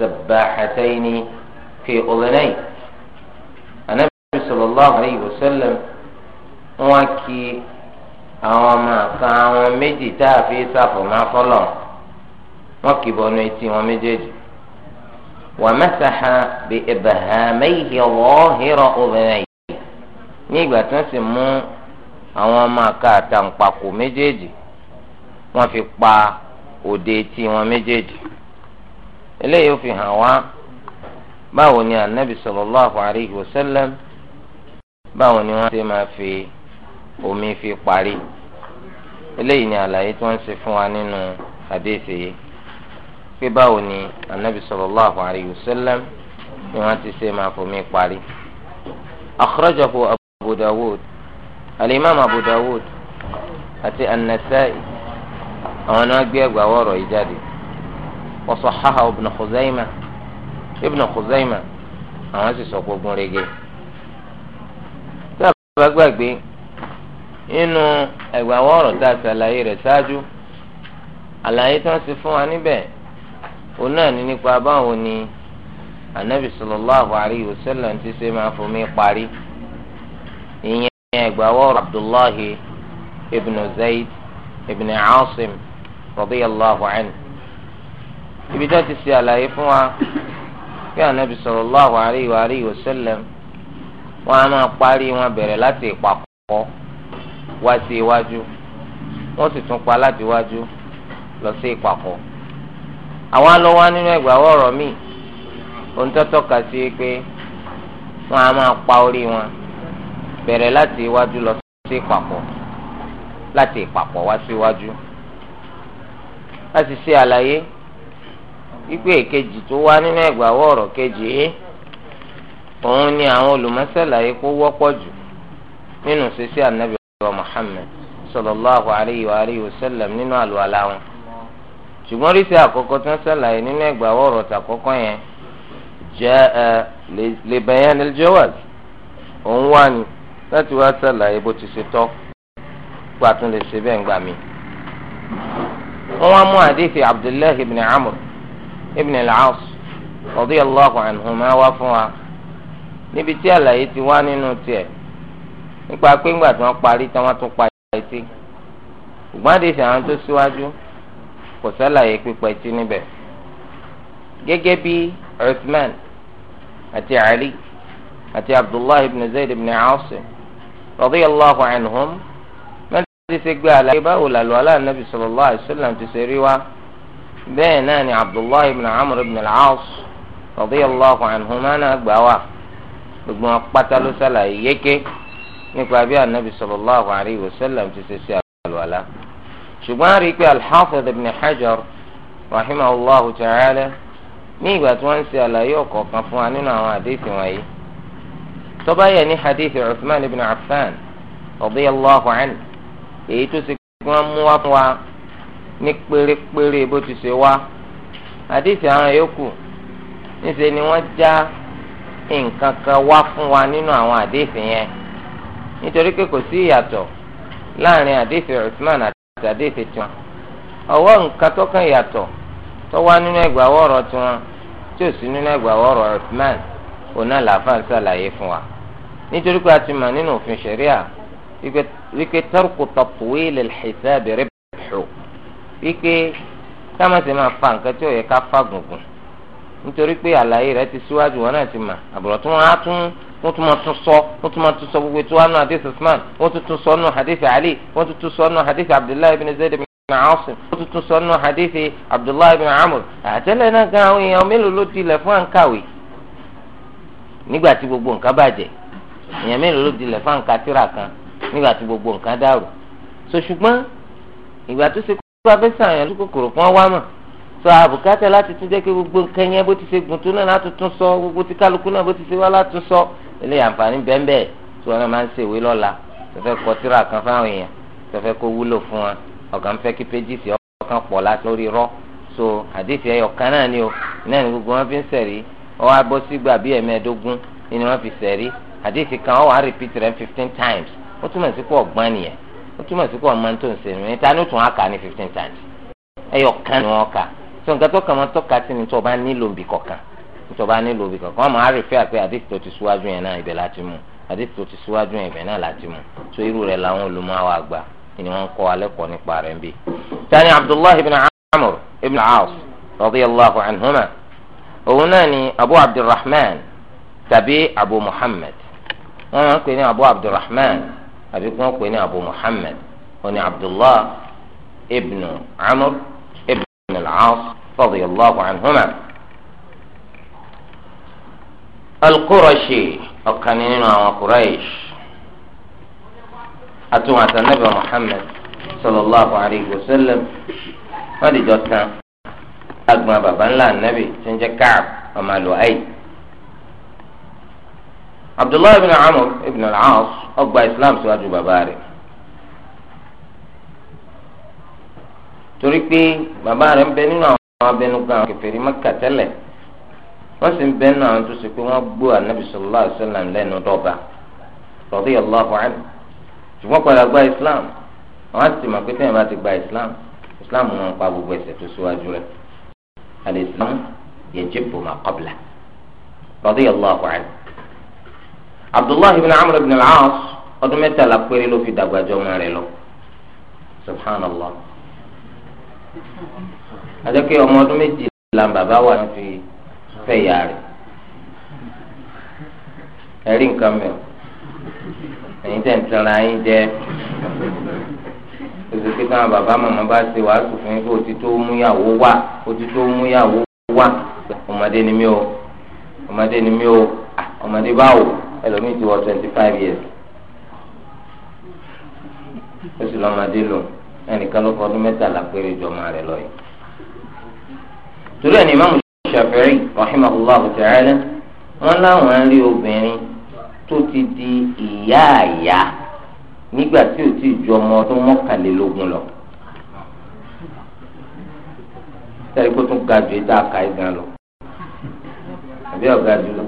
السباحتين في أذنيه النبي صلى الله عليه وسلم وكي àwọn ọmọ àka àwọn méjì tá a fi ṣàfọ̀mọ́ fọlọ́ wọn kì í bọnú etí wọn méjèèjì mejeji. tí sì mú àwọn ọmọ méjèèjì fi pa òde eléyìí ó fi hàn wá báwo ni anabi sallallahu alayhi wa sallam báwo ni wọ́n ṣe máa fi omi fi parí eléyìí ni àlàyé tí wọ́n ṣe fún wa nínú hadith yìí pé báwo ni anabi sallallahu alayhi wa sallam ni wọ́n ti ṣe máa fomi parí. akhrajahu abu dawud alimami abu dawud àti anasai àwọn náà gbé ẹgbàá wọ̀rọ̀ yìí jáde. وصححه ابن خزيمة ابن خزيمة àwọn sì sọ gbogbo rege tá a bá gbàgbé nínú ẹgbàwọ ọ̀rọ̀ tá a ṣàlàyé rẹ̀ ṣáájú àlàyé tí wọ́n ti fún wa níbẹ̀ òun náà ní nípa báwo ni anabi sallallahu alayhi wa sallam ti ṣe máa fomi parí ìyẹn ẹgbàwọ ọ̀rọ̀ abdullahi ibn zayd ibn asim radiyallahu anhu ibi tó ti ṣe àlàyé fún wa pé ànábì sallallahu alaihi wa alihi wasallam wọn a máa parí wọn bẹ̀rẹ̀ láti ìpàkọ́ wá sí iwájú wọn sì tún pa láti iwájú lọ sí ìpàkọ́ àwọn alọ́wọ́ nínú ẹgbàáwọ̀ ọ̀rọ̀ míì ohun tó sí pé wọn a máa pa orí wọn bẹ̀rẹ̀ láti iwájú lọ sí ìpàkọ́ láti ìpàkọ́ wá sí iwájú láti ṣe àlàyé ikú èkejì tó wá nínú ẹgbàáwọ ọ̀rọ̀ kejì yìí òun ni àwọn olùmọ̀sálàyé kó wọ́pọ̀ jù nínú sísí ànábì wa Muhammad sallallahu alayhi wa alayhi wa sallam nínú àlùwàlá wọn ṣùgbọ́n rí sí àkọ́kọ́ tó ń sàlàyé nínú ẹgbàáwọ ọ̀rọ̀ tàkọ́kọ́ yẹn jẹ́ ẹ lè bayan al-jawaz òun wá ní láti wá sàlàyé bó ti ṣe tọ́ gbàtún ṣe bẹ́ẹ̀ gbà mí. wọ́n wá mú àdéhìí Abdullahi ibn Amr ibn al-As radiyallahu anhuma wá fún wa níbi tí àlàyé ti wá nínú tiẹ̀ nípa pé ńgbà tí wọ́n parí tí wọ́n tún pa etí ṣùgbọ́n àdéhùn àwọn tó síwájú kò sálàyé pípa etí níbẹ̀ gẹ́gẹ́ bí Uthman àti Ali àti Abdullah ibn Zayd ibn Asim radiyallahu anhum mẹ́tẹ́ẹ̀tì ṣe gbé àlàyé báwo làlọ́ nàbì sallallahu alaihi wasallam ti ṣe rí wa bẹ́ẹ̀ náà ni abdullahi ibn amr ibn al-aas radiyallahu anhuma náà gbà wá gbogbo wọn pátá ló ṣàlàyé yéké nípa bí anabi sallallahu alayhi wa sallam ti ṣe ṣe àlùwàlá ṣùgbọ́n a rí i pé al-hafiz ibn hajar rahimahullahu ta'ala ní ìgbà tí wọ́n ń ṣe àlàyé ọ̀kọ̀ọ̀kan fún wa nínú àwọn àdéhìí wọ̀nyí tó bá ní hadithi uthman ibn affan radiyallahu anhu èyí tó ṣe kí wọ́n mú wá fún wa ní pérépéré bó ti ṣe wá àdìsí àwọn yòókù níṣẹ́ ni wọ́n já nǹkan kan wá fún wa nínú àwọn àdìsí yẹn nítorí pé kò sí ìyàtọ̀ láàrin àdìsí Usman àti àdìsí tiwọn ọwọ́ nǹkan tó kàn yàtọ̀ tó wá nínú ẹgbàáwọ̀ ọ̀rọ̀ tiwọn tí ò sí nínú ẹgbàáwọ̀ ọ̀rọ̀ Usman òun làáfàá ṣàlàyé fún wa nítorí pé a ti mọ̀ nínú òfin ṣẹ̀ríà wípé tarku tatwil al-hisab wípé támàsì máa fa nǹkan tí ò yẹ ká fa gùngùn nítorí pé àlàyé rẹ ti síwájú wọn náà ti mà àbùrọ̀ tí wọ́n á tún wọ́n tún máa tún sọ wọ́n tún máa tún sọ gbogbo ètò àánú hadith usman wọ́n tún tún sọ nù hadith ali wọ́n tún tún sọ nù hadith abdullahi ibn zayd ibn asim wọ́n tún tún sọ nù hadith abdullahi ibn amr àtẹ́lẹ̀ náà gan àwọn èèyàn mélòó ló dilẹ̀ fún àǹkàwé nígbà tí gbogbo nǹkan bàjẹ́ èèyàn mélòó ló dilẹ̀ fún àǹkà kan nígbà tí gbogbo nǹkan dàrú so ṣùgbọ́n ìgbà tó ṣe tó abẹ́ sàyàn lóko kòrò kán wá mà sọ àbùkátà láti tún jẹ́ kí gbogbo nǹkan yẹn bó ti ṣe gùn tó náà láti tún sọ gbogbo tí kálukú náà bó ti ṣe wá láti sọ ilé àǹfààní bẹ́ẹ̀nbẹ́ẹ̀ tí wọn máa ń ṣe ìwé lọ́la tó fẹ́ kọ tírà kan fáwọn èèyàn tó fẹ́ kó wúlò fún wa ọ̀gá ń fẹ́ kí péjìsì ọkàn pọ̀ láti lórí rọ́ so àdéhìí ẹyọ kan náà ni o náà ni gbogbo wọn fi ń sẹ̀rí ọwọ́ abọ́ sígbà bíi ẹ̀mẹ́ẹ̀ẹ́dógún ni wọ́n fi sẹ̀rí àdéhìí kan ọwọ́ àrèpítì rẹ̀ fifteen times ó túmọ̀ sí pọ̀ ọ̀gbọ́n nìyẹn ó túmọ̀ sí pé a tó ń ṣe ìrìn ta ni ó tún á kà ní fifteen times ẹyọ kan ni wọ́n kà tó nǹkan tó kàn wọ́n tọ́ka sí ni tó bá nílò ibì kọ̀ọ̀kan tó bá nílò wọ́n máa rìfẹ́ àpé tó ti síwájú yẹn náà ibẹ̀ láti mú tó ti síwájú yẹn ibẹ̀ náà láti mú tó irú rẹ̀ làwọn olùmọ̀ àgbà ni wọ́n kọ́ alẹ́ kọ́ nípa rẹ̀ ń bí. tani abdullahi ibn amr ibn radiyallahu anhuma òun náà muhammad wọ́n máa ń pè àbí kí wọ́n pè ní abu muhammed oní abdullah ibn amr ibn al-aas radiyallahu anhuma al-qurashi ọ̀kan nínú àwọn quraish àtúwọ̀n àtànàbẹ̀ muhammed sallallahu alayhi wa sallam wọ́n dìjọ́ tán agbọn baba ńlá nàbì tí ń jẹ́ káàb ọmọ àlùhàyè. abdullahi ibn amr ibn al-aas ọgbà islam síwájú bàbá rẹ̀ torí pé bàbá rẹ̀ ń bẹ nínú àwọn abẹnugan àwọn kèfèrí Mẹ́kà tẹ́lẹ̀ wọ́n sì ń bẹ nínú àwọn tó ṣe pé wọ́n gbó anabi sallallahu alaihi wasallam lẹ́nu dọ́gba radiyallahu anhu ṣùgbọ́n padà gba islam àwọn àti tìmọ̀ pé tẹ́yìn bá ti gba islam islam wọn pa gbogbo ẹ̀ṣẹ̀ tó ṣíwájú rẹ̀ al-islam yajibu ma qabla radiyallahu anhu abdullahi bin amr bin al-aas ọdún mẹ́tàlá péré ló fi dàgbàjọ́ ọmọ rẹ̀ lọ subhanallah adékè ọmọ ọdún méjìlá bàbá wà ní fi fẹ́ ìyá rẹ̀ ẹ̀rí nǹkan mi ò ẹ̀yin tẹ̀ ń tẹ̀ra yín jẹ́ oṣù tí káwọn bàbá màmá bá ṣe wàásù fún yín pé òtítọ́ múyàwó wà òtítọ́ múyàwó wà ọmọdé ni mí o ọmọdé ni mí o ọmọdé báwo ẹlòmíì ti wọ twenty five years ó sì lọ́mọdé lò ẹnìkan ló fọdún mẹ́tàlá péré jọmọ rẹ̀ lọ yìí. torí ẹni Imam Shafi'i rahimahullahu ta'ala wọn láwọn rí obìnrin tó ti di ìyá àyà nígbà tí ò tí ju ọmọ ọdún mọ́kànlélógún lọ. sẹ́yìn kó tún ga ju ìta àka ìgbà lọ àbí ọ̀gá jùlọ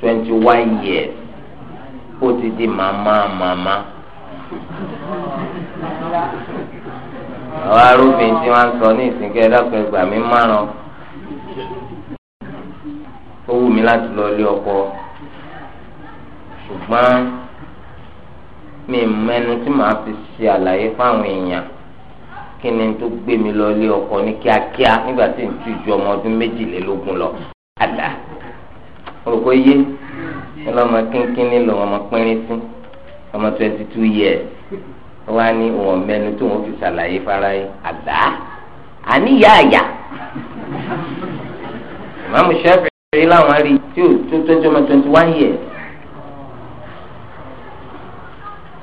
twenty one years ó ti di màmá màmá àwọn arúgbìn tí wọ́n sọ ní ìsìnkẹ ẹdọkùnrin gbà mí márùn ó wù mí láti lọ ilé ọkọ ṣùgbọ́n mi mẹ́nu tí màá fi ṣe àlàyé fáwọn èèyàn kí ni tó gbé mi lọ ilé ọkọ ní kíákíá nígbà tí n tún ju ọmọ ọdún méjìlélógún lọ àdá olùkọ́ yé ọlọ́mọ kínkínní lọ ọmọ pínrín sí ọmọ twenty two years wọ́n á ní òun mẹ́nu tó wọ́n fi ṣàlàyé fara yìí àdá àníyá àyà ìmáàmù Ṣáfi'í láwọn rí tí ò tó tọ́jú ọmọ twenty one years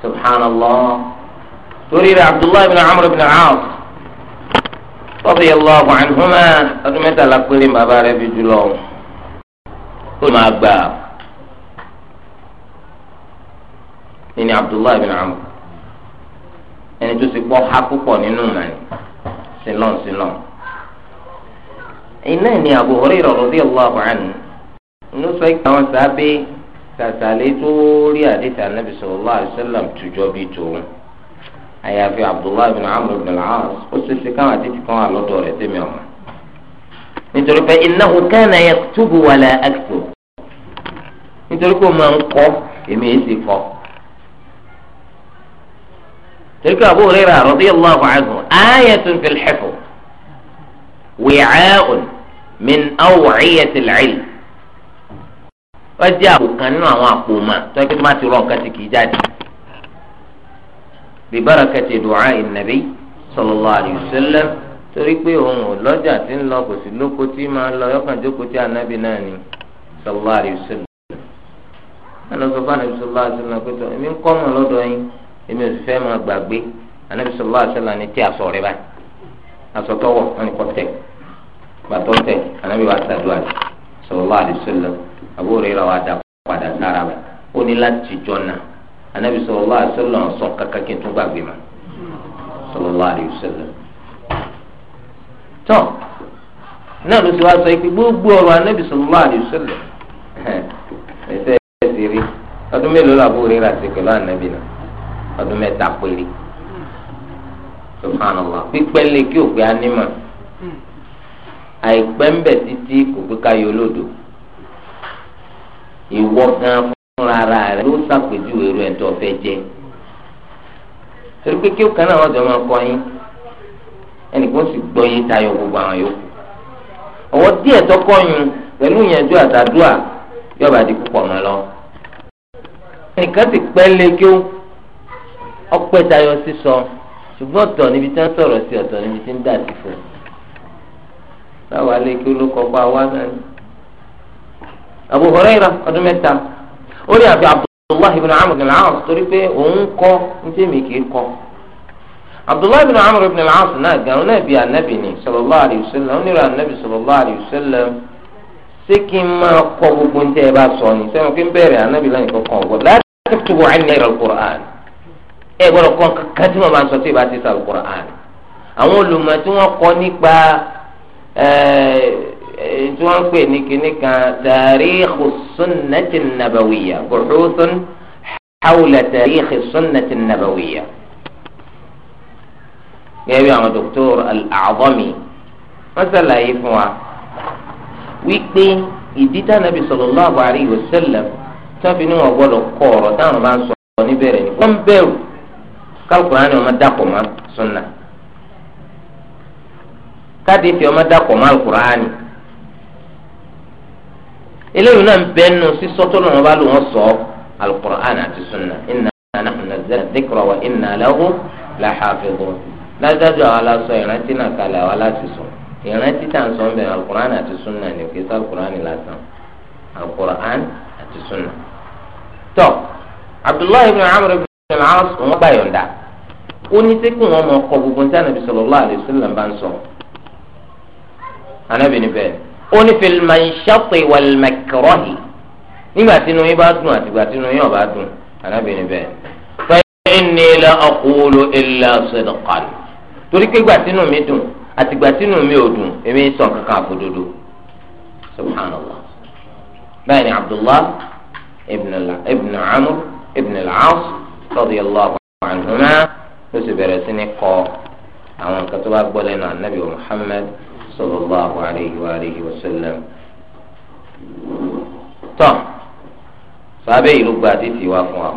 subhanallah torí rẹ̀ abdullahi bin amr bin aas radiyallahu anhuma ọdún mẹ́tàlá péré bàbá rẹ̀ bí jùlọ ọ̀hún ó máa gbà nínú abdullahi bin amr ẹni tó ti pọ́ ha púpọ̀ nínú màní sílọ̀n sílọ̀n iná ni Abu Hurairah radiyallahu anhu ló sọ pé àwọn sábẹ́ tàtàlẹ́ tó rí àdìtà nàbì sallallahu alaihi wasallam tùjọ́ bí tòun àyàfi abdullahi bin amr bin al-as ó ṣe ṣe káwọn àdìtì kan wà lọ́dọ̀ rẹ̀ tẹ̀mí ọ̀mọ́. nítorí pé innahu kana yaktubu wala aktub nítorí pé o máa ń kọ́ èmi èyí sì kọ́ nítorí pé Abu Hurairah radiyallahu anhu ayatun fil hifz wi'a'un min aw'iyatil ilm wọ́n jẹ́ àpò kan nínú àwọn àpò mà tó ẹgbẹ́ má ti rọ nǹkan tí kì í jáde. bi bára du'a in-nabi sallallahu alayhi wa torí pé òun ò lọ́jà tí ń lọ kò sí lóko tí máa lọ yọkàn tí anábì náà ni sallallahu alaihi wasallam alọ́sọ̀fà anábì sallallahu alaihi pẹ̀tọ́ èmi ń kọ́ mọ̀ lọ́dọ̀ yín èmi ò sì fẹ́ máa gbàgbé anábì sallallahu ni tí aṣọ rẹ báyìí tọwọ́ wọn ni kò tẹ̀ gbàtọ́ anábì wa sàdúrà sallallahu alaihi tọ́ náà ló sì wá sọ pé gbogbo ọ̀rọ̀ anábì sallallahu alaihi wasallam ẹsẹ̀ ẹsẹ̀ rí ọdún mélòó làbó rí rà sí pẹ̀lú náà ọdún mẹ́ta péré subhanallah pípẹ́ lè kí òpè anímọ̀ àìpẹ́ ń bẹ̀ títí kò pé ká yọ lódò ìwọ gan fúnra rẹ ló rẹ tó fẹ́ ẹnìkan sì gbọ́ yé tayọ gbogbo àwọn yòókù ọwọ́ díẹ̀ tọkọyún àtàdúà yọba di púpọ̀ mọ́ lọ. ẹnìkan ti pẹ́ lé ọpẹ́ tayọ sísọ ṣùgbọ́n ọ̀tọ̀ níbi tí wọ́n sọ̀rọ̀ sí ọ̀tọ̀ níbi tí ń dà sí fún un. báwa ló kọ́ náà ni. Abu ọdún mẹ́ta ó ní àbí Abdullahi ibn Amr ibn al-As torí pé òun kọ́ ní abdullahi bin amr ibn al-as náà gan náà bí anabi ni sallallahu alayhi wa sallam onírò anabi sallallahu alayhi wa sallam ṣé kí n máa kọ gbogbo ní tẹ́ ẹ bá sọ ni sẹ́wọ̀n kí n bẹ̀rẹ̀ anabi lẹ́yìn kankan ọ̀gbọ́n láti tubu ẹni ẹ̀rọ al-Qur'an ẹ gbọ́dọ̀ kọ́ kankan tí wọ́n máa ń sọ tí ìbá ti sàlù al àwọn olùmọ̀ tí wọ́n kọ́ nípa eh, eh, tí wọ́n pè ní kinní kan tarikh sunnati nabawiyya buhuthun hawla gẹ́gẹ́ bí àwọn dókítọ́rù al-A'zami wọ́n ṣàlàyé fún wa wípé ìdí tánàbí sallallahu alayhi wa sallam tọ́bi ní wọn gbọ́dọ̀ kọ́ ọ̀rọ̀ táwọn bá ń sọ níbẹ̀rẹ̀ ni wọ́n bẹ̀rù kálukùránì ọmọ dàpọ̀ mọ́ sunna káàdì fi ọmọ dàpọ̀ mọ́ alukùránì eléyìí náà ń bẹ́nu sísọ tó lọ́wọ́ bá lò wọ́n sọ alukùránì àti sunna inna nahnu nazzalna dhikra wa inna lahu lahafidhun lájájọ àwọn aláṣọ ìrántí náà kalẹ̀ àwọn aláṣọ sùn ìrántí tà ń sọ ń bẹ alukur'an àti sunna ní òkè sàlùkur'an lásán alukur'an àti sunna. tọ́ abdullahi ibn amr ibn al-as wọn bá yọ̀ǹda ó ní sẹ́kù wọn mọ̀ ọkọ̀ gbogbo ní sànàbí sallallahu alaihi wasallam bá ń sọ. anábì ní bẹ́ẹ̀ ó ní fil manshati wal nígbà tí inú yín bá dùn àtìgbà tí inú yín ò bá dùn anábì ní bẹ́ẹ̀ fa inni torí pé gbàtínú mi dùn àti gbàtínú mi ò dùn èmi ń sàn kankan àbòdodo subhanallah bẹ́ẹ̀ ni abdullah ibn amr ibn al-as radiyallahu anhuma ló sì bẹ̀rẹ̀ sí ní kọ àwọn nǹkan tó bá gbọ́ lẹ́nu anabi muhammad sallallahu alayhi wa alihi wa sallam tán sábẹ́ ìlú gba àdìsí wa fún wa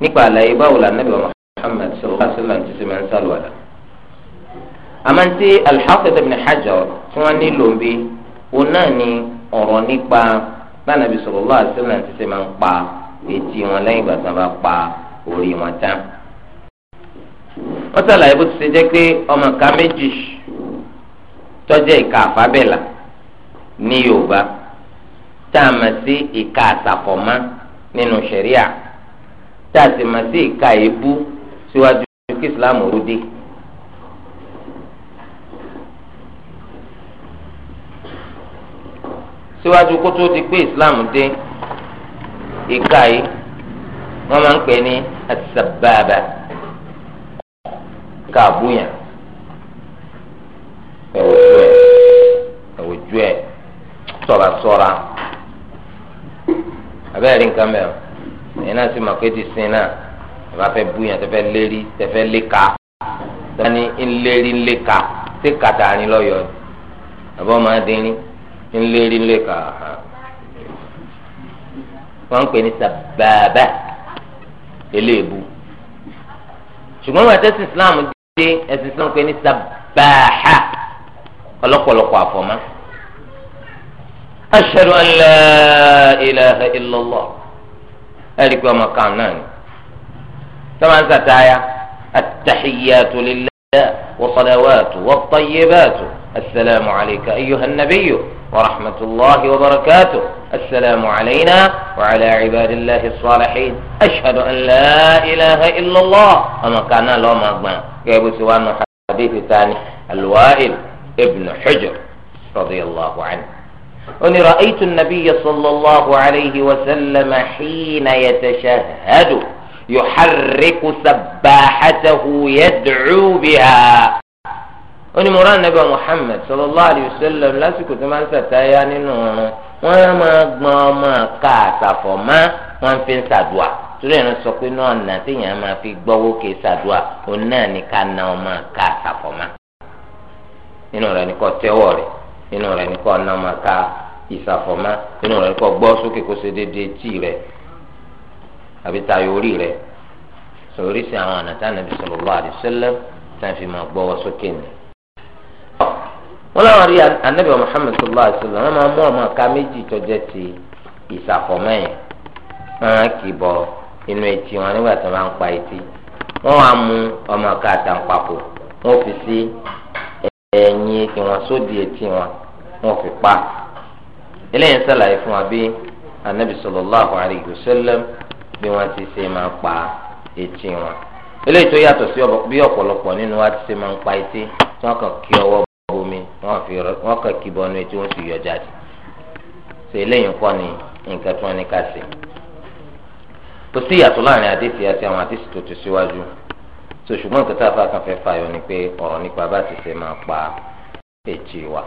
nípa àlàyé báwo la anabi muhammad sallallahu alayhi wa sallam ti ṣe máa ń sálùwàdà amanti alḥafiz ibn hajar tí wọn ní lombe òun náà ni ọ̀rọ̀ nípa bánàbí sallallahu alaihi wasallam ti ṣe máa ń pa etí wọn lẹ́yìn ìgbà tí wọn bá pa orí wọn tán. wọ́n sàlàyé bó ti ṣe jẹ́ pé ọmọ ká méjì tọ́jẹ́ ìka àfábẹ́là ní yorùbá tá a mọ̀ sí ìka àsàfọ̀mọ́ nínú ṣẹ̀ríà tá a sì mọ̀ sí ìka èébú síwájú kí islam ó dé. síwájú kó tó di pé islam dé ìka yìí wọ́n máa ń pè ní asababa ìka àbúyàn ẹwùjú ẹ ẹwùjú ẹ ṣọ́ra ṣọ́ra abẹ́rẹ́ rí nǹkan mẹ́rin ẹ̀yin náà sì máa pé ti sin náà ẹ̀ bá fẹ́ búyàn tẹ́fẹ́ lérí tẹ́fẹ́ léka tẹ́fẹ́ ní ńlérí ńléka tí kàtà ni lọ́yọ̀ọ́ ẹ̀ máa dín ní ńlérí ńlé kà á wọn ń pè ní sàbàbà eléèbú ṣùgbọ́n wọn àtẹ́sí islam dé ẹ̀sìn islam pè ní sàbàhà ọlọ́pọ̀lọpọ̀ àfọ̀mọ́. ashhadu an la ilaha illallah ẹ̀rí pé ọmọ kan náà ni sọ́mà sàtáyà at-tahiyyatu lillah wa salawatu wa tayyibatu. السلام عليك أيها النبي ورحمة الله وبركاته السلام علينا وعلى عباد الله الصالحين أشهد أن لا إله إلا الله أما كان لو ما كيف جايب سوان حديث ثاني الوائل ابن حجر رضي الله عنه أني رأيت النبي صلى الله عليه وسلم حين يتشهد يحرك سباحته يدعو بها onímọ̀rọ̀ anabi muhammed sallallahu alayhi wa sallam lásìkò tó máa ń sàtáyà nínú ọ̀run wọ́n á máa gbọ́n ọmọ ká àtàfọ̀ má wọ́n fi ń sàdùà torí ẹ̀rọ sọ pé náà nà téèyàn máa fi gbọ́wọ́ ké sàdùà òun náà ní na ọmọ ká àtàfọ̀ má nínú rẹ̀ ní kọ́ tẹ́wọ̀ rẹ̀ nínú na ọmọ ká nínú sókè kó ṣe déédéé tì àbí sọ àwọn ànàtà nàbì tá a wọn làwọn rí anabi muhammed sallallahu alaihi wa sallam wọn máa mú ọmọ ká méjì tọjẹ ti ìsàfọmẹyìn wọn kì í bọ inú etí wọn nígbà tí wọn bá ń pa etí wọn wàá mú ọmọ ká àtàǹpàkò wọn fi sí ẹ̀yìn etí wọn sódì etí wọn wọn fi pa eléyìí ń sàlàyé fún wa bí anabi sallallahu alaihi wa sallam bí wọn ti ṣe máa pa etí wọn eléyìí tó yàtọ̀ sí bí ọ̀pọ̀lọpọ̀ nínú wa ti ṣe máa ń pa etí tí wọn kàn kí ọwọ́ wọ́n fi wọ́n kàn kí bọ́nu etí wọ́n sì yọ jáde ṣe eléyìí kọ́ ni nǹkan tí wọ́n ní ká ṣe kò sí ìyàtọ̀ láàrin àdéhìí àti àwọn àdéhìí tó ti síwájú so nǹkan tá a fà kàn fẹ́ fàyọ ni pé ọ̀rọ̀ nípa bá ti ṣe máa pa èjì wa.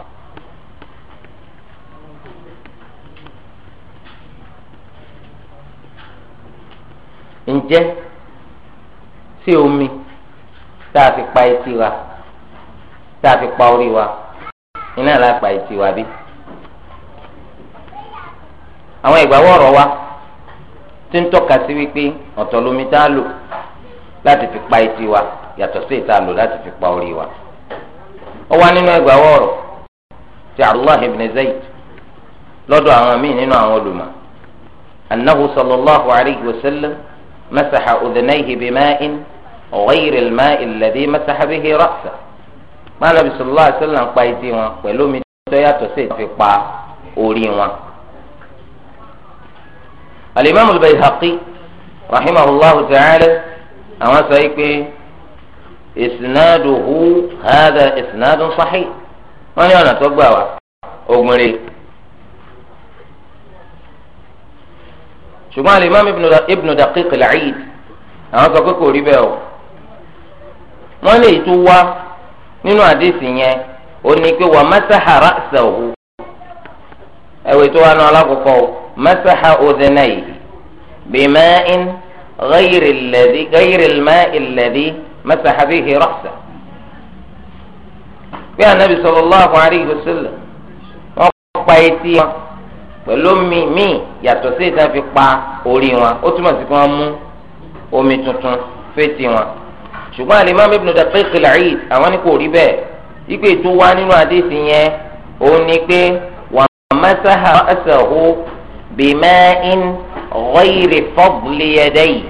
ǹjẹ́ sí omi tá a fi pa etí wa tá a fi pa orí wa iná lápá ìtì wá bí. àwọn ìgbàwọ́ ọ̀rọ̀ wa ti ń tọ́ka sí wípé ọ̀tọ̀ lomi tá a lò láti fi pa ìtì wa yàtọ̀ sí ìta lò láti fi pa orí wa. ó wá nínú ìgbàwọ́ ọ̀rọ̀ ti Abdullah ibn Zayd lọ́dọ̀ àwọn míì nínú àwọn olùmọ̀ annahu sallallahu alayhi wa sallam masaha udunayhi bima'in ghayri al-ma'i alladhi masaha bihi ra'sa mọ́lẹ́bí sọlọ́lá àṣẹlẹ̀ ń pa ìdí wọn pẹ̀lú omi tó yàtọ̀ sí ìfi pa orí wọn. alimami al-Bayhaqi rahimahullahu ta'ala àwọn sọ yìí pé isnaduhu hadha isnadun sahih wọ́n ní ọ̀nà tó gbà wá ogun rèé. ṣùgbọ́n alimam ibnu daqiq al-Eid àwọn sọ pé kò rí bẹ́ẹ̀ o wọ́n lè tún wá nínú àdìsí yẹn ó ní pé wà mẹsàhà rásàwù ẹwẹ tó wà nù alákòókò mẹsàhà òdìnnàyì bìmẹ́ẹ́n gáyìrì lẹ́dí gáyìrì mẹ́ẹ́ lẹ́dí mẹsàhà bìhì rásà. bí anabi sallallahu alayhi wa sallam wọn pa etí wọn pẹ̀lú mi mi yàtọ̀ sí ìta fi pa orí wọn ó túmọ̀ sí pé wọ́n mú omi tuntun fetí wọn ṣùgbọ́n alimami ibn daqiq al-Eid àwọn ni kò rí bẹ́ẹ̀ ipe tó wá nínú àdéhìí yẹn òun ni pé wa masaha ra'sahu bima'in ghayri fadli yadayhi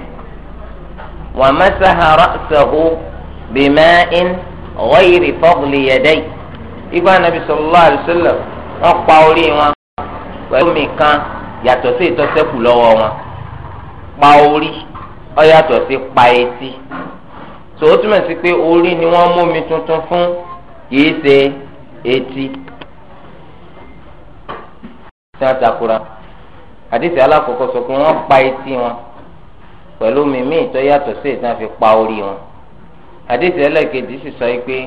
wa masaha ra'sahu bima'in ghayri fadli yadayhi ìgbà anabi sallallahu alayhi wa sallam wọ́n pa orí wọn pẹ̀lú omi kan yàtọ̀ sí ìtọ́sẹ́kù lọ́wọ́ wọn pa orí ọ yàtọ̀ sí pa etí so ó túmọ̀ sí pé orí ni wọ́n mú mi tuntun fún kìí ṣe etí tí wọ́n takura àdìsí alákọ̀ọ́kọ́ sọ pé wọ́n pa etí wọn pẹ̀lú mímí ìtọ́ yàtọ̀ sí ìtàn fi pa orí wọn àdìsí ẹlẹ́kejì sì sọ pé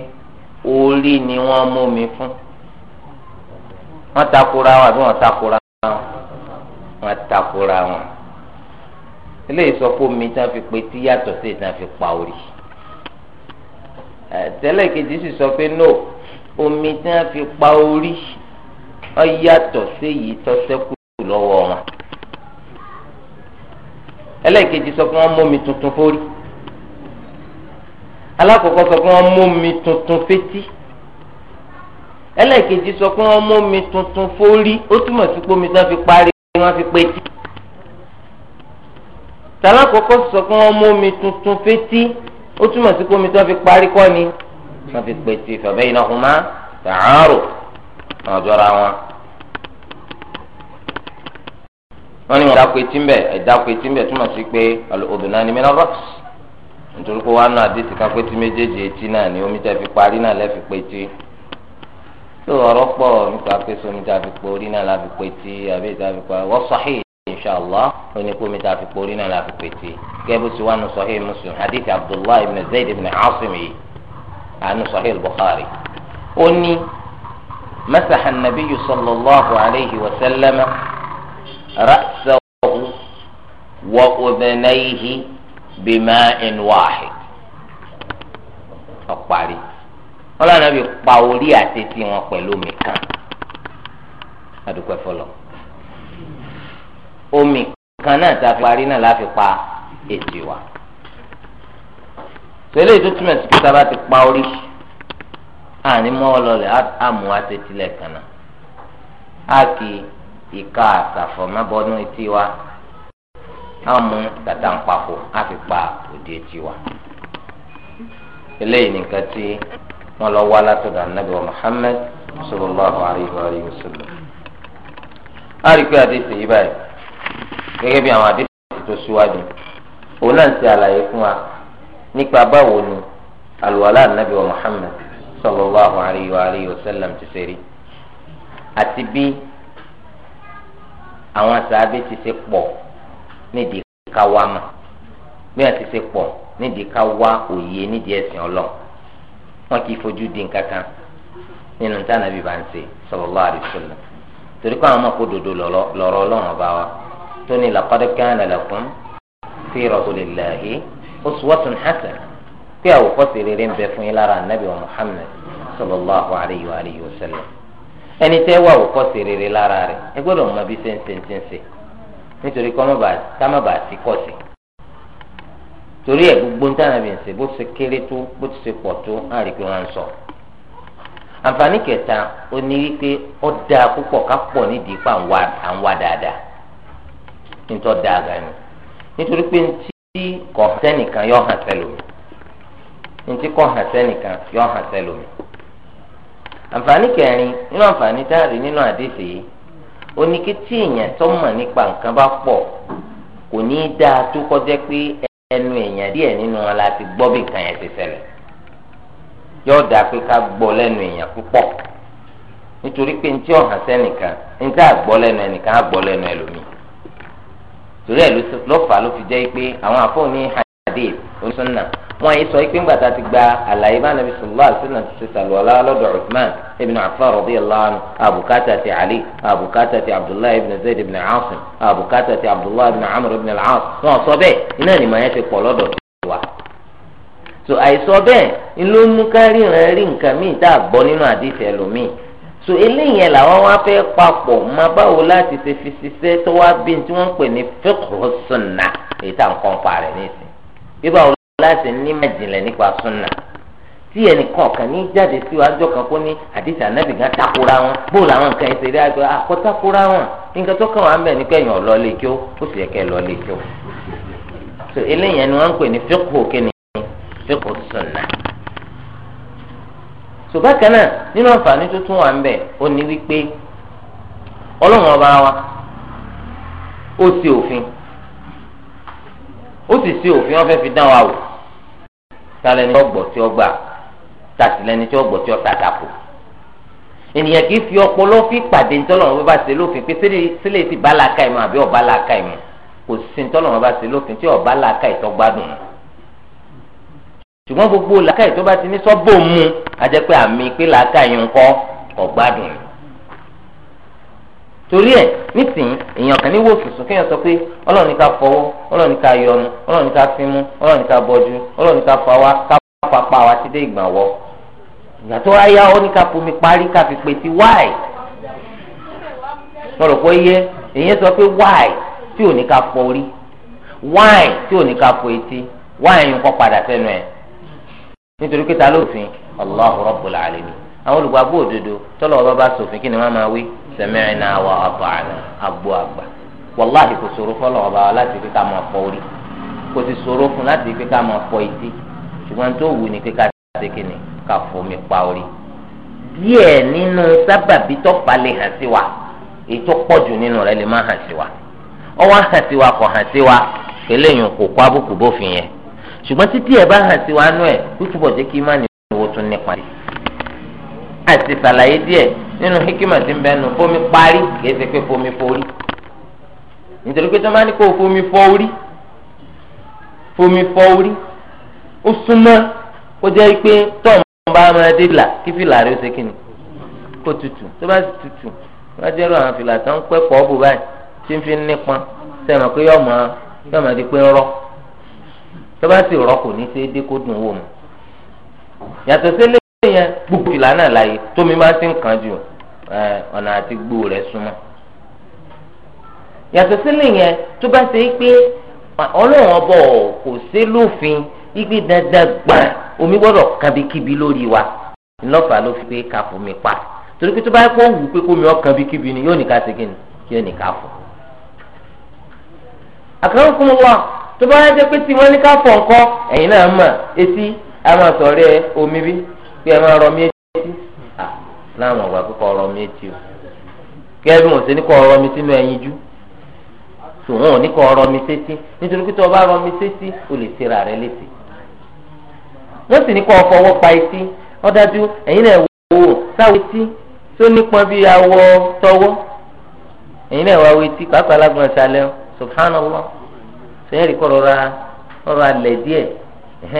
orí ni wọ́n mú mi fún wọ́n takura wọn àbí wọ́n takura wọn wọ́n takura wọn eléyìí sọ pé omi tí wọ́n fi pe tí yàtọ̀ sí ìtàn fi pa orí tẹ́lẹ̀ kejì sì sọ pé no omi tí wọ́n fi pa orí ó yàtọ̀ sí èyí tó ṣẹ́kù lọ́wọ́ wọn ẹlẹ́ẹ̀kejì sọ pé wọ́n mú omi tuntun fórí alákọ̀ọ́kọ́ sọ pé wọ́n mú omi tuntun fétí ẹlẹ́ẹ̀kejì sọ pé wọ́n mú omi tuntun fórí ó túmọ̀ sí pé omi tí wọ́n fi parí wọ́n fi pétí tàlákọ̀ọ́kọ́ sọ pé wọ́n mú omi tuntun fétí ó túmọ̀ sí pé omi tí wọ́n fi parí kọ́ ni wọ́n fi pètè ìfẹ̀fẹ́ iná hùmá tààrò wọn jọra wọn. wọ́n ní wọn dáko etí ń bẹ̀ ẹ̀dáko etí ń bẹ̀ túmọ̀ sí pé ọ̀dùnà ni mìíràn rọ́ọ̀sì nítorí pé á tí méjèèjì etí náà ni omi tí wọ́n fi parí náà lẹ́ẹ̀fi tó ọ̀rọ̀ pọ̀ nípa pé sọmi tí a fi pé orí náà la fi àbí inshàlá oníkómi tá a fi kórí náà la fi pètè kẹ́bù sí wàánu sahih muslim hadith abdullahi ibn zayd ibn asim yìí àánú sahih bukhari. ó ní masaxa nabiyyu sallallahu alayhi wa sallam ra'sahu wa udhnayhi bima'in wahid. ọ̀parí wọn lànà bí pa orí àti tí wọn mi kan adúpẹ́ fọlọ́ omi kan náà tá a fi parí náà láfi pa ètè wa tẹ́lẹ̀ tó túmọ̀ sí kíkà bá ti pa orí àní mọ́ ọ lọlẹ̀ àmú àtẹ̀tìlẹ̀ kan náà a kì ìka àtàfọ̀mọ́bọ́nú etí wa àmú tàtà ń papò fi pa òdi etí wa eléyìí nìkan tí wọn lọ wá látọ̀dọ̀ anabi wa Muhammad sallallahu alayhi wa sallam. a rí pé àdéhùn yìí báyìí gẹ́gẹ́ bí àwọn àdéhùn tó síwájú òun náà ń ṣe àlàyé fún wa nípa báwo ni àlùwàlá ànábì wa Muhammad sallallahu alayhi wa alihi wa sallam ti ṣe rí àti bí àwọn sàábé ti ṣe pọ̀ nídìí káwá mà bí wọ́n ti ṣe pọ̀ nídìí káwá òye nídìí ẹ̀sìn ọlọ́run wọn kì í fojú di nǹkan kan nínú tí ànábì bá ń ṣe sallallahu alayhi torí kó àwọn ọmọ kó dodo lọ́rọ̀ ọlọ́run ọba wa tó ní laqad kana lakum fi rasulillahi uswatun hasana pé àwòkọ́ṣe rere ń bẹ fún yín lára anabi wa muhammed sallallahu alayhi wa alihi wa sallam ẹni tẹ́ wà àwòkọ́ṣe rere lára rẹ̀ ẹ gbọ́dọ̀ mọ bí sẹ́ńsẹ́ńsẹ́ nítorí ká má bàa ti kọ́ sí torí ẹ gbogbo ní tànàbí ń ṣe bó ti kéré tó bó ti ṣe pọ̀ tó á rí pé wọ́n ń sọ àǹfààní kẹta ó ní dáa púpọ̀ ká pọ̀ nídìí pa à wá dáadáa nítorí ọ̀dà àgbà ni nítorí pé ntí kọ̀ sẹ́nìkan yọ hàn sẹ́lómi ntí kọ̀ hàn sẹ́nìkan yọ hàn sẹ́lómi. àǹfààní kẹrin nínú àǹfààní táàrí nínú àdéhìí yìí oníkí èèyàn tó mọ̀ nípa nǹkan bá pọ̀ kò ní í dáa tó kọjá pé ẹnu èèyàn díẹ̀ nínú wọn la gbọ́ bí nǹkan yẹn ti yóò pé ká gbọ́ lẹ́nu torí ẹ̀ ló fà ló fi jẹ́ pé àwọn àfọwọ́ ní hadith onísùnà wọn yìí sọ pé ńgbà tá a ti gba àlàyé bá nàbí sallallahu alaihi wasallam ti sàlùwàlá lọ́dọ̀ Uthman ibn Affan radiyallahu anhu àbùkátà ti Ali àbùkátà ti Abdullahi ibn Zayd ibn Asim àbùkátà ti Abdullahi ibn Amr ibn al-As wọn sọ bẹ́ẹ̀ iná ìmọ̀ yẹn ti pọ̀ lọ́dọ̀ wa so àìsọ bẹ́ẹ̀ ló mú ká ríran rí nǹkan míì tá a gbọ́ nínú àdìsẹ́ so eléyìí ẹ làwọn wá fẹ́ papọ̀ máa báwo láti ṣe fi ṣiṣẹ́ tó wá bí tí wọ́n ń pè ní fiqhu sunna èyí tá à ń kọ́ńpa rẹ̀ nísìn bí báwo láti ní mẹ́jìnlẹ̀ nípa sunna tí ẹnìkan kan ní jáde sí wájú kan kó ní àdìsí ànábì gan takora wọn bóòlù àwọn nǹkan ẹsẹ̀ rí àgbẹ̀ àkọ́ ah, takora wọn nǹkan tó kàn wá ń bẹ̀ ní kẹ́yìn ọ̀lọ́lé kí ó ó sì yẹ kẹ́ lọ́lé kí ó so eléyìí ẹni wọ́n ń pè ní fiqhu kí ni fiqhu sunna ṣùgbọ́n kan náà nínú àǹfààní tó wà ń bẹ̀ ó ní wípé ọlọ́run ọba wa ó ti òfin ó sì ṣe òfin wọn fẹ́ fi dán wa wò tálẹ́ni tí ó gbọ́ tí ó gbà tàtìlẹ́ni tí ó gbọ́ tí ó tàkàkù ènìyàn kì í fi ọpọlọ fi pàdé ntọ́lọ́wọ́n bá ṣe lófin pé sílẹ̀ ti bá làákà ìmọ̀ àbí ọ̀bá làákà ìmọ̀ kò sí ntọ́lọ́wọ́n bá ṣe lófin tí ọ̀bá làákà ìtọ́ gbádùn ṣùgbọ́n gbogbo làákà ìtọ́ bá ti ní sọ́bọ̀ mu ajẹ́ pé àmì pé làákàyè ńkọ́ ọ̀gbádùn torí ẹ nísìnyí èèyàn kan ní wò sùsùn kéèyàn sọ pé ọlọ́run ní ká fọwọ́ ọlọ́run ní ká yọnu ọlọ́run ní ká fimú ọlọ́run ní ká bọ́jú ọlọ́run ní ká ti dé ìgbàwọ́ ìgbà tó wáyá ó ní ká fomi parí ká fi pe ti wáì pé sọ pé wáì tí ò ní Allahu Rabbul Alamin àwọn olùgbàgbọ́ òdodo tọ́lọ̀ ọba bá ṣòfin kí ni wọ́n máa wí sami'na wa ata'na àgbo àgbà wàláhì kò ṣòro fọlọ̀ ọba láti fi ká máa fọ orí kò sì ṣòro fún láti fi ká máa fọ etí ṣùgbọ́n tó wù ní kíkà ṣe kí ni ká fomi pa orí. díẹ̀ nínú sábàbí tọ́pa lè hàn sí wa ètò pọ̀jù nínú rẹ̀ lè má hàn sí wa ọwọ́ hàn sí wa kò hàn sí wa kẹlẹ́yìn kò kó abúkù bófin yẹn ṣùgbọ́n títí ẹ̀ bá hàn sí wa nú ẹ̀ kó túbọ̀ jẹ́ kí má ní tún nípa a àti sàlàyé díẹ̀ nínú hikima ti ń bẹ fomi parí kìí ṣe pé fomi forí nítorí pé tó máa ní kó fomi forí fomi forí ó súnmọ́ kó jẹ́ pé tọ́ọ̀mù bá máa dé là kí fìlà rẹ̀ ó ṣe kíni kó tutù tó fi nípọn sẹ́wọ̀n pé di pé yàtọ̀ sílé yẹn gbogbo ìlànà àlàyé tómi máa ti ń kàn jù ọ̀nà àti gbó rẹ̀ súnmọ́ yàtọ̀ sílé yẹn tó bá ṣe pé ọlọ́run ọbọ̀ kò sí lófin ibi dandan omi gbọ́dọ̀ kábíkíbi lórí wa ńlọ́fà ló fi pé ká mi pa torí pé tó bá kó wù pé kómi ọkàn ni yóò ní ká segin yóò ní àkàrà tó bá yẹ tí wọ́n ní Ama máa omi bí kí ẹ máa rọ eti. etí ah, láwọn ọgbà kókò rọ mí eti o kí ẹ bí mo ṣe ní kọ rọ mi sínú ẹyin jú tòun ò ní kọ rọ mi sétí nítorí pé tó o bá rọ mi sétí o lè tẹ̀ra rẹ létí sì ní fọwọ́ pa etí ó dájú ẹ̀yin náà wò ó etí tó nípọn awọ ẹ̀yin náà wà wọ etí pàápàá rí kọ́ rọra rọra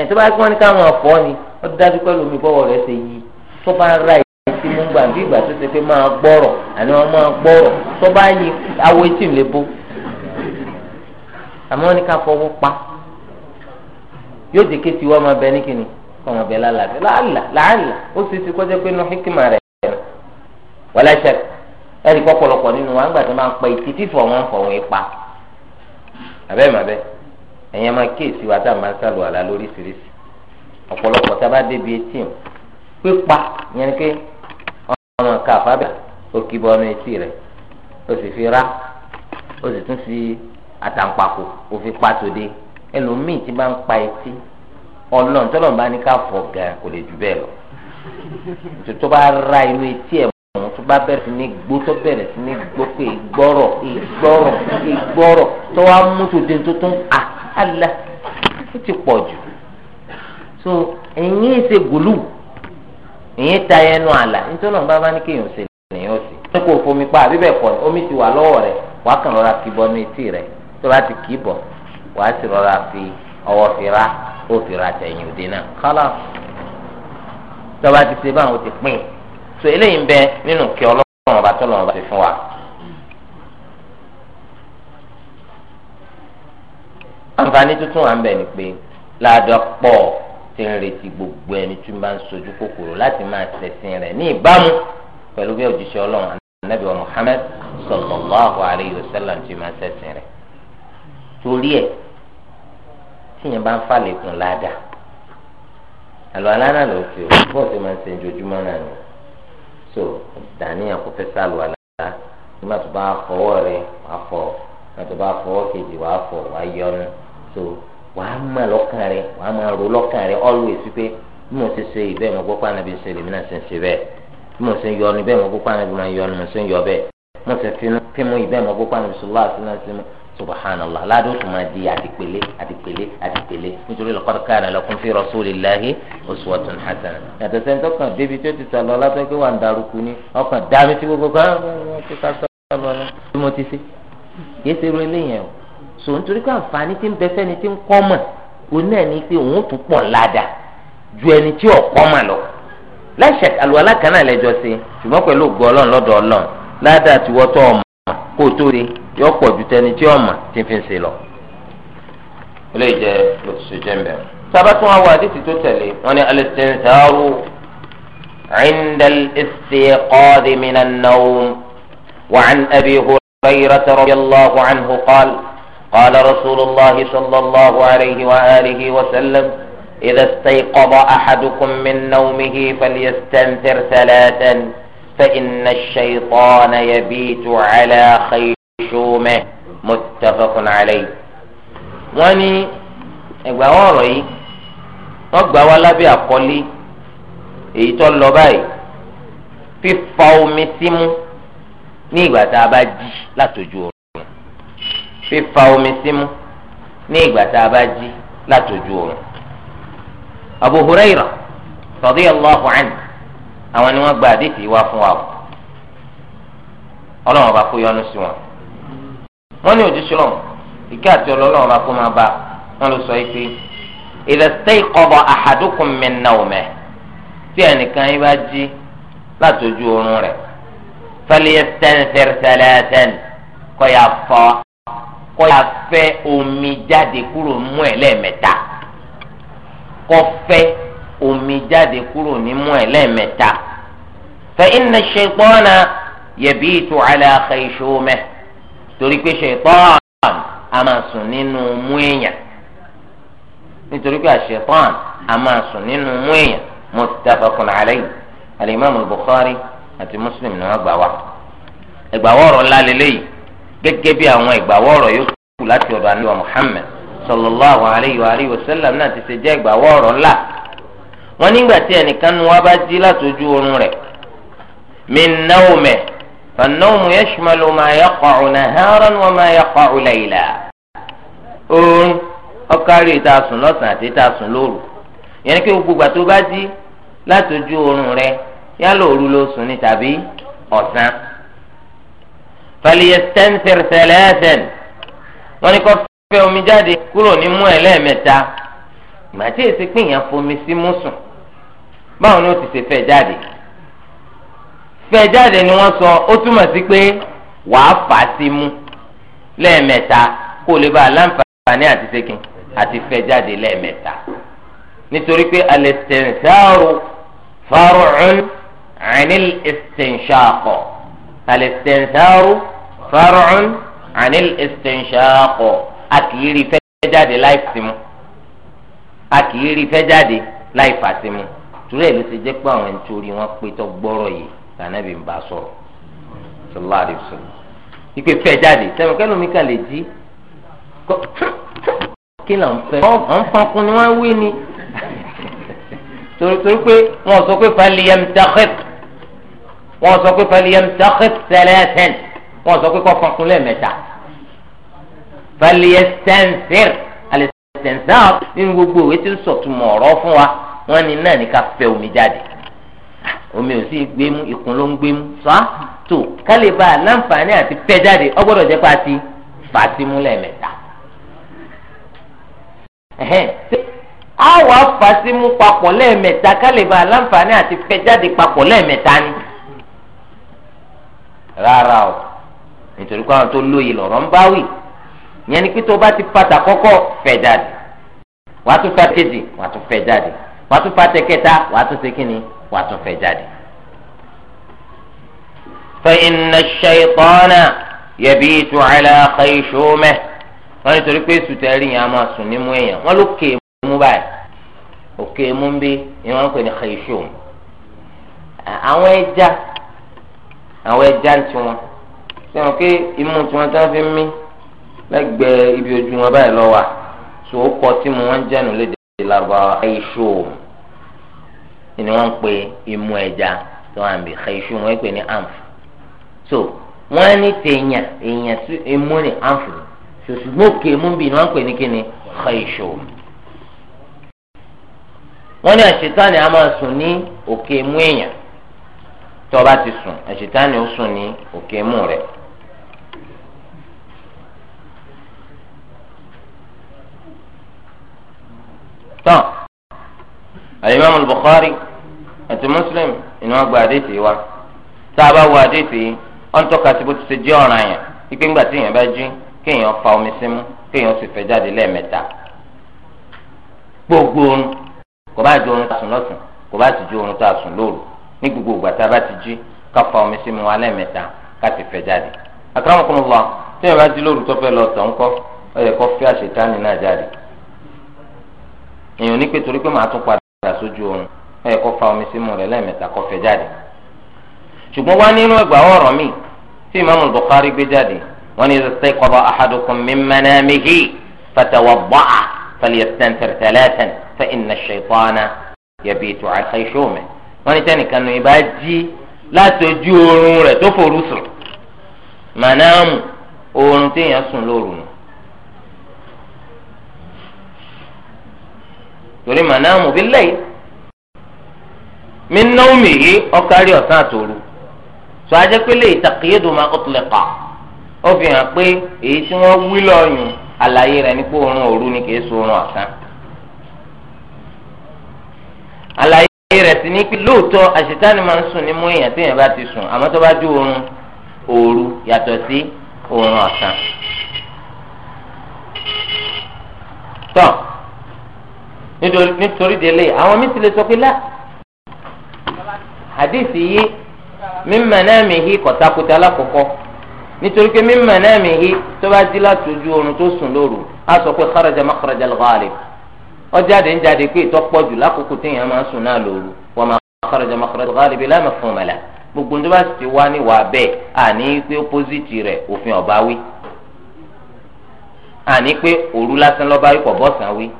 tó bá kọ́ ni káwọn ọ̀fọ́ ni ó dájú pé lómi bọ́wọ́ rẹ̀ ṣe yí tó bá ra ìtì mú gbà bí ìgbà tó ṣe pé máa gbọ́rọ̀ àní wọ́n máa gbọ́rọ̀ tó bá yí awo etí lè bó àmọ́ ní ká fọwọ́ pa yóò dé kéti wọ́n máa bẹ ní kíni kọ́ máa bẹ lálàdé làálà làálà ó sì ti kọjá pé nù híkìmà rẹ̀ wọlé ṣẹ ẹ̀rí pọ̀pọ̀lọpọ̀ nínú wa ń gbà tó máa ń pa ìtì tí fọ̀ wọn fọ̀ wọn pa àbẹ́ẹ̀ màbẹ́ẹ̀ ẹ̀yin máa kíyèsí wa tá a máa ń sálò àlá lóríṣiríṣi ọ̀pọ̀lọpọ̀ tá a bá débi etí o pípa yẹn ni pé ọmọ nǹkan àfábẹ́ ó kí bọ́ ọmọ etí rẹ̀ ó sì fi rá ó sì tún fi àtàǹpàkò ó fi pa tòde ẹlòmíì tí bá ń pa etí ọlọ́run tọ́lọ́run bá ní ká fọ̀ gan kò lè jù bẹ́ẹ̀ lọ tó bá ra inú etí ẹ̀ mọ̀ tó bá bẹ̀rẹ̀ sí ní gbó tó bẹ̀rẹ̀ sí ní gbó pé gbọ́rọ̀ ìgbọ́rọ̀ ìgbọ́rọ̀ tó wá mú tòde tó tún à àlà ó ti pọ̀ jù so ẹ̀yin ṣe gòlù ìyẹn ta ẹnu àlà nítorí wọn bá bá ní kéèyàn ṣe nìyẹn ọ̀sẹ̀. wọn kò fomi pa àbí bẹ́ẹ̀ kọ́ omi ti wà lọ́wọ́ rẹ̀ wàá kàn rọra kì í bọ́ ní etí rẹ̀ tó bá ti kì í bọ̀ wàá sì rọra fi ọwọ́ fi ra ó fi ra tẹ̀yìn òde náà kọ́lá tó bá ti ṣe báwọn ti pín so eléyìí ń bẹ nínú kí ọlọ́run ọba tó lọ́wọ́ bá ti fún wa. àǹfààní tuntun wà ń bẹ̀ ni pé ládọ́ pọ̀ tí ń retí gbogbo ẹni tí máa ń sojú kòkòrò láti máa tẹ̀sìn rẹ̀ ní ìbámu pẹ̀lú bí òjíṣẹ́ anabi wa muhammed sallallahu alayhi wa sallam ti máa tẹ̀sìn rẹ̀ torí ẹ̀ tíyẹn bá ń falẹ̀kùn ládàá àlọ́ aláná ló fi o bọ́ọ̀ tó máa ń sẹ́yìn ni so dani kò fẹ́ sálù àlàlá nígbà tó bá fọwọ́ rẹ̀ wàá fọ nígbà tó bá fọwọ́ kejì wàá fọ wàá yọ so wàá mọ̀ lọ́kàn rẹ wàá máa rò lọ́kàn rẹ always pé bí mo ti ṣe ìbẹ́ mo gbọ́ pàánà bí ṣe lèmi náà ṣe ń ṣe bẹ́ẹ̀ bí mo ṣe ń yọ ọ́nù bẹ́ẹ̀ mo gbọ́ pàánà bí mo yọ ọ́nù mo ṣe ń yọ bẹ́ẹ̀ mo ṣe fíìmù ìbẹ́ mo gbọ́ pàánà bí ṣe lọ́wọ́ àti náà ṣe mọ́ subhanallah máa di àdìpele àdìpele àdìpele nítorí laqad kana lakum fi rasulillahi uswatun hasana. yàtọ̀ sẹ́ńtọ́ kan débi tí ó ti sàlọ́ látọ́ pé wà ń darúkú ni ọkàn dá mi sí gbogbo kan ó ti ká sọ́ọ́ bí mo ti ṣe kì ṣe irú eléyìí o so nítorí pé àǹfààní tí ń bẹ sẹ́ni tí ń kọ́ mọ̀ òun náà ni pé òun tún pọ̀ ládàá ju ẹni tí ò mọ̀ lọ láṣẹ àlùwàlá kan náà sí ṣùgbọ́n pẹ̀lú ògo ọlọ́run lọ́dọ̀ ọlọ́run ládàá ti wọ́tọ̀ ọmọ kó tó re yọ pọ̀ ju tẹni tí ọmọ ti fi ṣe lọ. ilé ìjẹ ló jẹ́ ń sábà tún wá wá àdìsí tó tẹ̀lé wọn ni al قال رسول الله صلى الله عليه وآله وسلم إذا استيقظ أحدكم من نومه فليستنثر ثلاثا فإن الشيطان يبيت على خيشومه متفق عليه غني إغواري ẹgbà ولا بي wọ́n gbà wá lábẹ́ àkọ́lé èyí tó lọ báyìí fífa fífa omi símú ní ìgbà tá a bá jí látòjú oorun. Abu Hurairah radiyallahu anhu àwọn ni wọ́n gba àdìsí wá fún wa o ọlọ́run ọba kó yọ́nú sí wọn. wọ́n ní òjíṣẹ́ lọ́wọ́ ìké àti ọlọ́run ọba kó máa bá wọn lọ sọ yìí pé idha stayqadha ahadukum min nawmihi tí ẹnìkan yín bá jí látòjú oorun rẹ̀ falyastanthir kó yà fẹ́ omi jáde kúrò mú ẹ lẹ́ẹ̀mẹ́ta kó fẹ́ omi jáde kúrò ní mú ẹ lẹ́ẹ̀mẹ́ta fa inna ash-shaytana yabitu ala khayshumih torí pé ṣètọ́n a máa sùn nínú mú èèyàn nítorí pé àṣetọ́n a máa sùn nínú mú èèyàn muttafaqun alayhi al-imam al-bukhari àti muslim ni wọ́n gbà wá ẹgbàá wọ̀rọ̀ ńlá lélẹ́yìí. gẹ́gẹ́ bí àwọn ìgbàwọ́rọ̀ yòókù láti ọ̀dọ̀ àníwá Muhammad sallallahu alayhi wa alihi wa sallam náà ti ṣe jẹ́ ìgbàwọ́rọ̀ ńlá wọn nígbà tí ẹnìkan nu wa bá jí látòjú oorun rẹ̀ min nawmi fan-nawmu yashmalu ma ma oorun lọ́sàn àti oorun òru ló sùn ní tàbí فليستنثر ثلاثا wọ́n ní kó fẹ́ omi jáde kúrò ní mú ẹ lẹ́ẹ̀mẹ́ta ìgbà tí èsì pín yẹn fomi sí mú sùn báwo ni ó ti ṣe fẹ́ jáde fẹ́ jáde ni wọ́n sọ ó túmọ̀ sí pé wàá fà á sí mú lẹ́ẹ̀mẹ́ta kó lè bá a àti ṣèkìn àti fẹ́ jáde lẹ́ẹ̀mẹ́ta nítorí pé al-istinsaru far'un 'anil istinshaq al-istinsaru far'un anil istinshaq a kì í rí fẹ́ jáde láì fàṣímú a kì í rí fẹ́ jáde láì fàṣímú turẹ̀ ló ti jẹ́ pé àwọn ẹni tó rí wọn pé tó gbọ́rọ̀ yìí lànàbì ń bá sọ̀rọ̀ sallallahu alaihi ìpè fẹ́ jáde sẹ́wọ̀n kẹ́lò mi kà lè kí là ń fẹ́ ọ̀n fankun ni wọ́n wí ni torí pé wọ́n sọ pé faliyam takhit wọ́n sọ pé faliyam takhit sẹlẹ̀ wọn sọ pé kọ́ fọnkún lẹ́ẹ̀mẹ́ta fẹlẹ́sẹ̀nsẹ̀r alẹ́sẹ̀nsẹ̀ nínú gbogbo òwe tí ń sọ̀túnmọ̀ ọ̀rọ̀ fún wa wọn ni náà ní ká fẹ́ omi jáde ah, omi ò sí gbé mú ikùn ló ń gbé mú tó àti papọ̀ kálíba aláǹfààní àti jáde papọ̀ ni. rárá nítorí pé àwọn tó lóye lọ̀rọ̀ ń báwì yẹn ni pé tó bá ti pata kọ́kọ́ fẹ̀ jáde wàá tún fa kejì wàá tún fẹ̀ jáde wàá tún fa tẹ̀kẹta wàá tún sekínì wàá tún fẹ̀ jáde. fa inna ash-shaytana yabitu ala wọ́n nítorí pé sùtẹ́rì yẹn a máa sùn nímú èèyàn wọ́n ló kéé mú báyìí òkè mú bí ìwọ̀n ń pè ní khayshum àwọn ẹja àwọn ẹja ń tiwọn sẹ́wọ̀n pé imú tí wọ́n tán fi ń mí lẹ́gbẹ̀ẹ́ ibi ojú wọn báyìí lọ́wọ́ tó o kọ tí mo wọ́n ń jẹ́nu léde Lárúbáwá xeyṣu ni wọ́n ń pe imú ẹja tó wà níbi xeyṣu wọ́n ń pè ní àǹfù so wọ́n ní tèèyàn èèyàn sí imú ní àǹfù ṣùgbọ́n òkè imú bì ni wọ́n ń pè ní kíni xeyṣu wọ́n ní àṣetáni a máa sùn ní òkè imú èèyàn tó bá ti sùn àṣetáni ó sùn ní òkè imú rẹ̀. tán alimami al-Bukhari àti Muslim ìnáwó gba àdéhìí wa tá a bá wo àdéhìí ọ̀n tọ́ka sí bó ti ṣe jẹ́ ọ̀ràn yẹn ipe ńgbà tí èèyàn bá jí kéèyàn fa omi símú kéèyàn sì fẹ́ jáde lẹ́ẹ̀mẹ́ta gbogbo oorun kò bá ju oorun tá a sùn lọ́sàn kò bá sì ju oorun tá a sùn lóru ní gbogbo ìgbà tá a bá ti jí ká fa omi símú wa lẹ́ẹ̀mẹ́ta ká sì fẹ́ jáde. àkàrà ọkùnrin wa tí èèyàn bá jí lóru tó fẹ́ lọ tọ̀ ńkọ́ ó èèyàn ní pé torí pé màá tún padà sójú oorun ẹ kó fa omi símú rẹ̀ lẹ́ẹ̀mẹ́ta kó fẹ́ jáde ṣùgbọ́n wá nínú ẹgbà ọ̀rọ̀ mi tí ìmáàmù Bukhari gbé jáde wọ́n ní istayqadha ahadukum min manamihi fatawadda'a falyastanthir thalathan fa inna ash-shaytana yabitu 'ala khayshumih wọ́n ní tẹ́nìkan nù ibà jí láti ojú oorun rẹ̀ tó forú torí mànáàmù bí lẹ́yìn mi náwó mi yìí ọkàrí ọ̀sán àtòru tó ajẹ́ pé lè tàkìyédò máa kó tilẹ̀ pa ó fi hàn pé èyí tí wọ́n wí lọ́yùn àlàyé rẹ̀ nípa oorun òru ni kìí so oorun ọ̀sán. àlàyé rẹ̀ sì ní pé lóòótọ́ àṣetánì máa ń sùn ní mú èèyàn téèyàn bá ti sùn àmọ́ tó bá dé oorun òru yàtọ̀ sí oorun ọ̀sán nítorí délé àwọn mi ti lè sọ pé lá hadisi yìí mímọ náà mi hí kọ̀tàkùtà lákòókò nítorí pé mímọ náà mi hí tó bá jí láti ojú oorun tó sùn lóru á sọ pé kharaja makhraja al-ghalib ọjáde ń jáde pé ìtọ́ pọ̀ jù lákòókò téèyàn máa ń sùn náà lóru wa ma kharaja makhraja al-ghalib la mafhuma lahu gbogbo tó bá ti wá níwàá bẹ́ẹ̀ àní pé opposite rẹ̀ òfin ọ̀bá wí àní pé òru lásán lọ́ba wí pọ̀ wí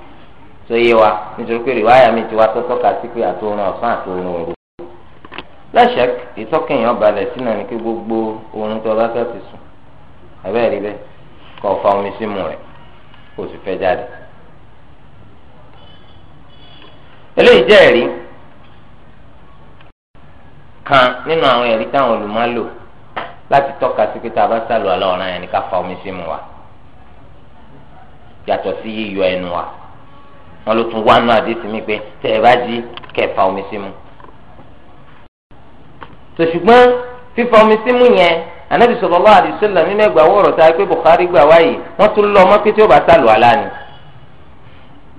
tó yé wa nítorí pé rìwáyà mi ti wá tọ́tọ́ ka sí pé àtòrun ọ̀sán àtòrun òru. lẹ́sẹ̀k ìtọ́kẹ̀yìn balẹ̀ ni gbogbo orun tó bá fẹ́ ti sùn abẹ́rẹ́ rí bẹ́ẹ̀ kọ́ fa omi rẹ̀ kó o sì fẹ́ jáde. eléyìí jẹ́ kan nínú àwọn ẹ̀rí táwọn olùmọ̀ lò láti tọ́ka sí pé tá a bá ni ká fa omi wa yàtọ̀ sí yíyọ ẹnu wa. wọn ló tún wá náà àdéhùn mi pé tẹ ẹ bá jí kẹfà omi sí mu. tó ṣùgbọ́n fífa omi sí mu yẹn anabi sallallahu alaihi wasallam nínú ẹgbàá wọ̀rọ̀ tá a pé Bukhari gbà wáyé wọ́n tún lọ ọmọ pé tí ó bá sàlù àlá ni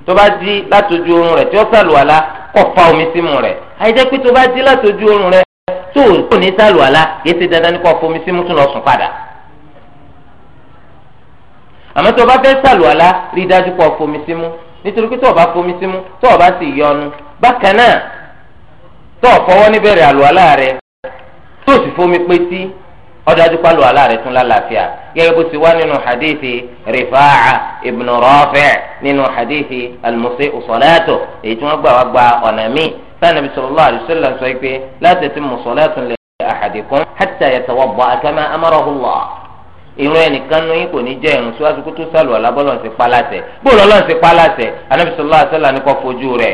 tó bá jí látòjú oorun rẹ̀ tí ó sàlù àlá kó fa omi sí mu rẹ̀ àìjẹ́ pé tó bá jí látòjú oorun rẹ̀ tó ò ní sàlù àlá kìí ṣe dandan ní kó fomi sí mu tún lọ sùn padà àmọ́ tó bá fẹ́ sàlù àlá rí i dájú kó fomi sí mu nítorí pé tó o bá fomi sí mu tó o bá sì yọnu bákan náà tó o fọwọ́ níbẹ̀rẹ̀ àlùwalá rẹ tó o sì fomi pé sí ọdájú pálọ aláàrẹ tún lálàáfíà gẹ́gẹ́ bó ti wá nínú hadithi rifaaca ibnu rafi' nínú hadithi almusii usolato èyí tí wọn gbà wá gba ọ̀nà míì sanabi sallallahu alayhi sọ pé la tatimmu salatun li ahadikum hatta yatawadda'a kama amarahu Allah irun ẹnìkan nu yín kò ní jẹ irun síwájú kó tó sálù alábọ́lọ̀ ń ṣe pálásẹ̀ bóòlù ọlọ́run ṣe pálásẹ̀ anabi sallallahu alaihi wasallam ni kó fojú rẹ̀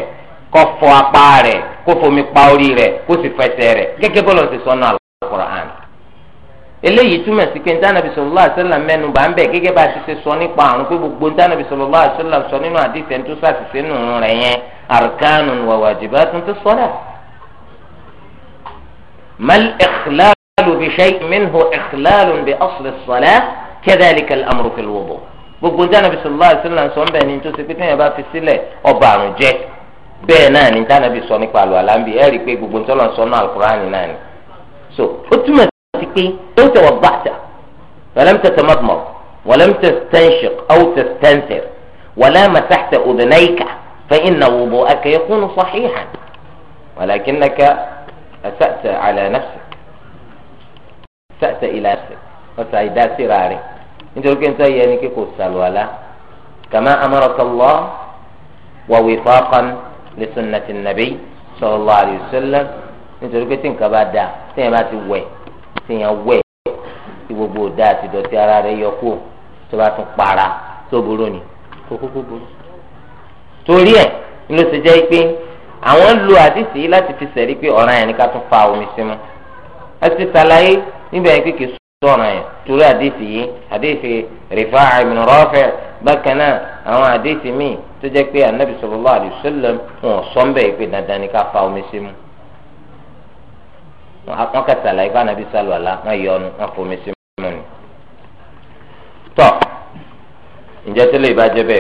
kó fọ apá rẹ̀ kó fomi pa orí rẹ̀ kó sì fẹsẹ̀ rẹ̀ gẹ́gẹ́ bọ́ọ̀lù ṣe sọ́nà al-Qur'an. eléyìí túmọ̀ sí pé ntànàbì sallallahu alaihi wasallam ń bẹ̀ gẹ́gẹ́ bá a ti ṣe sọ nípa àrùn pé gbogbo ntànàbì بشيء منه إخلال بأصل الصلاة كذلك الأمر في الوضوء gbogbo ní anabi sọlá àṣìlá sọ ń bẹ ní tó ṣe pé téèyàn bá fi sílẹ̀ ọba àrùn jẹ bẹ́ẹ̀ náà ní tí anabi sọ nípa àlọ àlámbí ẹ rí i pé gbogbo ní tọ́lọ̀ sọ náà alukurani náà ni. so ó túmọ̀ sí pé ó tẹ̀wọ̀ bàtà wàlẹ́ mtẹ tẹmọ́tìmọ́ wàlẹ́ mtẹ stẹ́ńṣìk ọ́wọ́ tẹ stẹ́ńṣìk wàlẹ́ mẹsàtẹ òdìnnẹ́yìká fẹ́ iná wòbó akẹ́yẹ́kùn sọ̀híhàn wàlẹ́kìnnẹ́kẹ́ ẹ̀sàtẹ àlẹ́ nafsi tẹ̀sẹ̀ ìlàsẹ̀ ọ̀sà ìdásíra rẹ̀ nítorí pé nítorí yẹ ni kí kò sàlùwàlá kàmá amọ̀rọ̀tọ̀lọ́ wàwí fọ́ọ̀kan lè sunnati nàbí sọ̀rọ̀lọ́ àdìsọ́lẹ̀ nítorí pé tí nǹkan bá dà tíyẹn bá ti wẹ̀ tíyẹn wẹ̀ tí gbogbo dà àti dọ̀tí ara rẹ̀ yọ kú tó bá tún para tó burú ni kókókó burú. torí ẹ̀ ló ṣe jẹ́ pé àwọn lo àdìsí láti fi sẹ̀rí pé ọ̀ràn yẹn ni ká tún fa omi sí mu. ẹ ti ṣàlàyé níbẹ̀ yẹn kékeré sọ̀rọ̀ yẹn torí àdéhìí yìí àdéhìí Rifa'a ibn Rafi' bákan náà àwọn àdéhìí míì tó jẹ́ pé anabi sallallahu alaihi wasallam wọn sọ ń bẹ̀ pé dandan ni ká fa omi sí mu wọn kà sàlàyé bá anabi sálọ àlá wọn yọ ọnu wọn fomi sí mu ni. tọ́ ǹjẹ́ tẹ́lẹ̀ ìbá bẹ́ẹ̀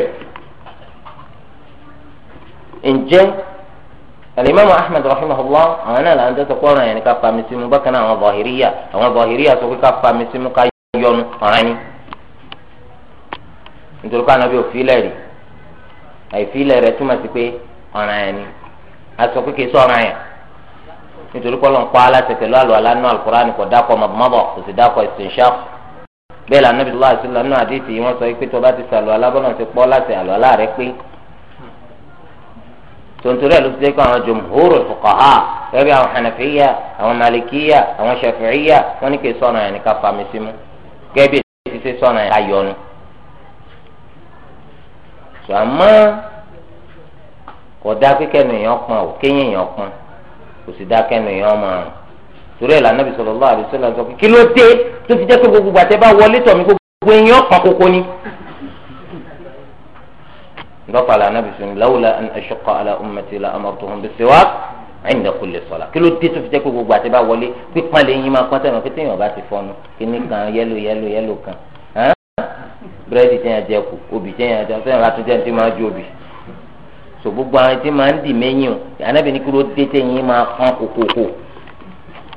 ǹjẹ́ alimami ahmed rahimahullah àwọn náà làwọn tẹsán kọrin yẹn ká fami símu bákan náà àwọn zahiriya àwọn zahiriya sọ pé ká fami símu ká yọnu ọ̀ràn ni nítorí ká anabi òfìlẹ̀ rí àìfìlẹ̀ rẹ túmọ̀ sí pé ọ̀ràn yẹn ni a sọ pé kì í sọ ọ̀ràn yẹn nítorí kọ́ ló ń pa aláṣẹ pẹ̀lú àlọ́ alánú alukur'an kò dákọ̀ mọ̀bọ̀mọ̀bọ̀ kò sì dákọ̀ istinshaq bẹ́ẹ̀ lànà bí lọ́wọ́ àti lọ́nà àdìsí wọn sọ pé tó bá ti sàlọ́ alábọ́nà ti pọ́ láti àlọ́ alá rẹ pé tontori ẹ̀ ló ti dé kó àwọn jumhuru fuqaha a àwọn hanafiya àwọn malikiya àwọn shafi'iya wọ́n ní kí sọ̀nà yẹn ká fami sí mu gẹ́gẹ́ bí èsì ṣe sọ̀nà yẹn ayọ̀nu. sàmọ́ kò dá kíkẹ́nu èèyàn pọn ò kéyìn kò sì sọ kí ló dé tó fi jẹ́ gbogbo wọlé tọ̀ ńdọ́fà la anábì sùn lawla an ashqa ala ummati la amartuhum bis-siwak inda kulli salah kí ló dé tó fi jẹ́ pé gbogbo àti bá wọlé pípọ́n lè yín máa pọ́n sẹ́yìn pété yàn bá ti fọ́nu kíní kan yẹ́lò yẹ́lò yẹ́lò kan búrẹ́dì tẹ́yìn àjẹ kù obì tẹ́yìn àjẹ sẹ́yìn bá tún jẹ́ ti máa ju obì so gbogbo àwọn tí máa ń dì mẹ́yìn o anábì ní kí ló dé tẹ́yìn máa pọ́n kókókó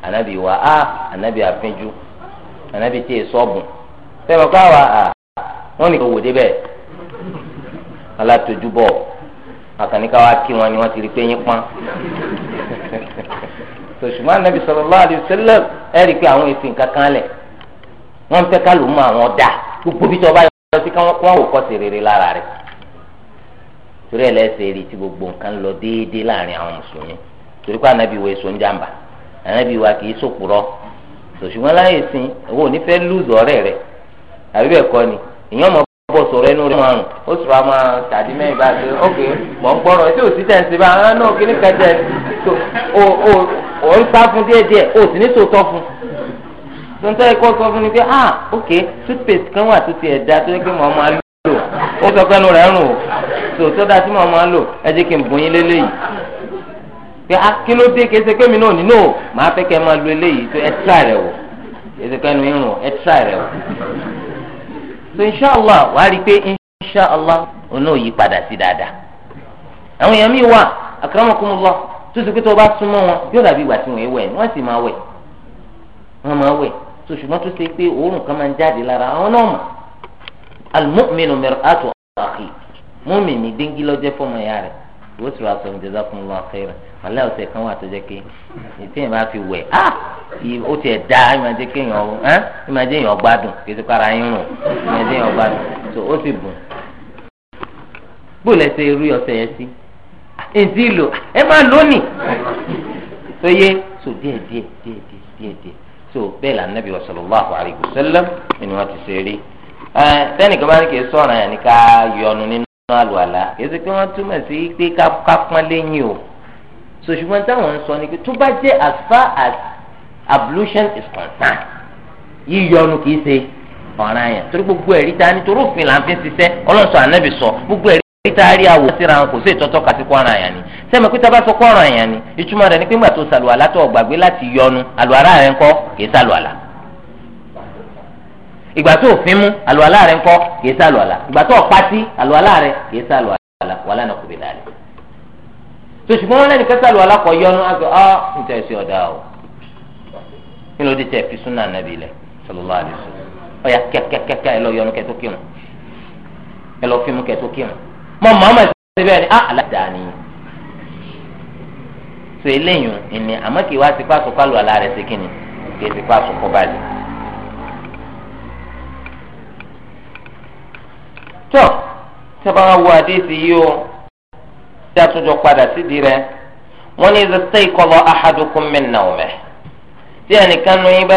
anabi wa a anabi afinju anabi tí e sọbùn sẹbẹ kọ àwa a wọn ni kò wò débẹ alátojúbọ àkànníkà wa kí wọn ni wọn ti rí pé yín pọn sòṣùmọ́ anabi sallallahu alaihi wasallam ẹ rí i pé àwọn èsì kankan lẹ̀ wọ́n ń fẹ́ ká ló mú àwọn dà gbogbo bí tí wọ́n bá yọ sí káwọn kó àwòkọ́ sí rere lára rẹ̀ torí ẹ̀ lẹ́sẹ̀ rí tí gbogbo nǹkan lọ déédéé láàrin àwọn mùsùlùmí torí pé anabi wo èso ń jàǹbá anabi wa kì í sòpùrọ́ sòṣùmọ́ láyè sin owó onífẹ́ lùzọ̀ ọ̀rẹ́ rẹ̀ àbí bẹ́ẹ̀ kọ́ ni èèyàn bọ̀ sọ̀rọ̀ ẹnu rẹ̀ márùn ó sọ̀rọ̀ àmọ́ tàbí mẹ́rin bá ṣe ok mọ̀ ń gbọ́rọ̀ tí ò sí tẹ̀ ń ṣe bá ẹ̀ ah, náà kí ní kẹjẹ ò ń sá fún díẹ̀ díẹ̀ ò sì ní sòótọ́ fún tontọ́ ẹ̀kọ́ sọ fún mi pé ah ok toothpaste kan wà tó ti ẹ̀dá tó yẹ pé mo máa lò ó sọ pé ẹnu rẹ̀ rùn o tòótọ́ dá sí mo máa lò ẹ jẹ́ kí n bùn yín lélẹ́yìí pé ah kí ló dé kí ẹsẹ̀ pé mi náà nínú o màá fẹ́ kẹ́ ẹ máa lo eléyìí tó ẹ tíra rẹ̀ wò ẹsẹ̀ pé ẹnu yín rùn ẹ tíra rẹ̀ wò so inshallah wàá rí i pé inshallah òun náà yí padà sí dáadáa àwọn èèyàn míì wà akramakumullah tó ti pé tó bá súnmọ́ wọn yóò dàbí ìgbà tí wọ́n wẹ̀ wọ́n sì máa wẹ̀ wọ́n máa wẹ̀ so ṣùgbọ́n tó ṣe pé òórùn kan máa ń jáde lára àwọn náà mọ̀ al-mu'minu mir'atu akhi mu'mini díngí lọ́jẹ́ fọmọ ìyá rẹ̀ wọ́n sì wá sọ ní jazakumullahu khairan wàhálà ọ̀sẹ̀ kan wà tó jẹ́ pé ìtẹ̀yìn bá fi wẹ̀ á ah! ó tiẹ̀ da ẹ̀ máa jẹ́ kéèyàn ọ́ ẹ́ ẹ̀ máa jẹ́ èèyàn gbádùn kí ẹ ti para yín rùn ẹ̀ máa jẹ́ èèyàn gbádùn tó ó sì bùn. gbọ́dọ̀ ẹsẹ̀ irú ọ̀sẹ̀ yẹn sí èdè lò ẹ máa lónìí tó yé so díẹ̀ díẹ̀ díẹ̀ díẹ̀ díẹ̀ so bẹ́ẹ̀ là nàbí sallallahu nínú àlùwàlà èsì pé wọ́n túmọ̀ sí pé ká pọ́n o sòṣùgbọ́n táwọn ń sọ ni pé tó bá jẹ́ as far as ablution is concerned yíyọnu kìí ṣe ọ̀ràn yẹn torí gbogbo ẹ̀rí ta ni torí òfin là ń fi ṣiṣẹ́ ọlọ́sọ ànábì sọ gbogbo ẹ̀rí tari awo síra wọn kò sí ìtọ́tọ́ kàti kọ́ ọ̀ràn yẹn ni sẹ́mi pé tábà sọ kọ́ ọ̀ràn ni ìtumọ̀ rẹ̀ ni pé ńgbà tó sàlùwàlà tó ọ̀gbàgbé láti yọnu àlùwàlà rẹ̀ ńkọ́ kìí sàlùwàlà ìgbà tó òfin mú àlùwàlá rẹ ńkọ́ kìí sá àlùwàlá ìgbà tó ọ̀pátí àlùwàlá rẹ kìí sá àlùwàlá wàlá náà kò bí dàrí. tó ṣùgbọ́n wọn lẹ́nu kẹta àlùwàlá kọ yọnu àgbẹ̀ ọ́ ń tẹ̀ sí ọ̀dà o nínú odi tẹ̀ fi súnà nàbì lẹ̀ sallallahu alaihi wasallam ọ̀yà kẹ́kẹ́kẹ́kẹ́ ẹ lọ yọnu kẹtó kírun ẹ lọ fímú kẹtó kírun mọ màmá ṣe bẹ́ẹ̀ ah aládàáni so eléyìí ni àmọ́ kì í wá sí ni kì í tó tí wo o tí a tún jọ padà ní tí ẹnìkan yín bá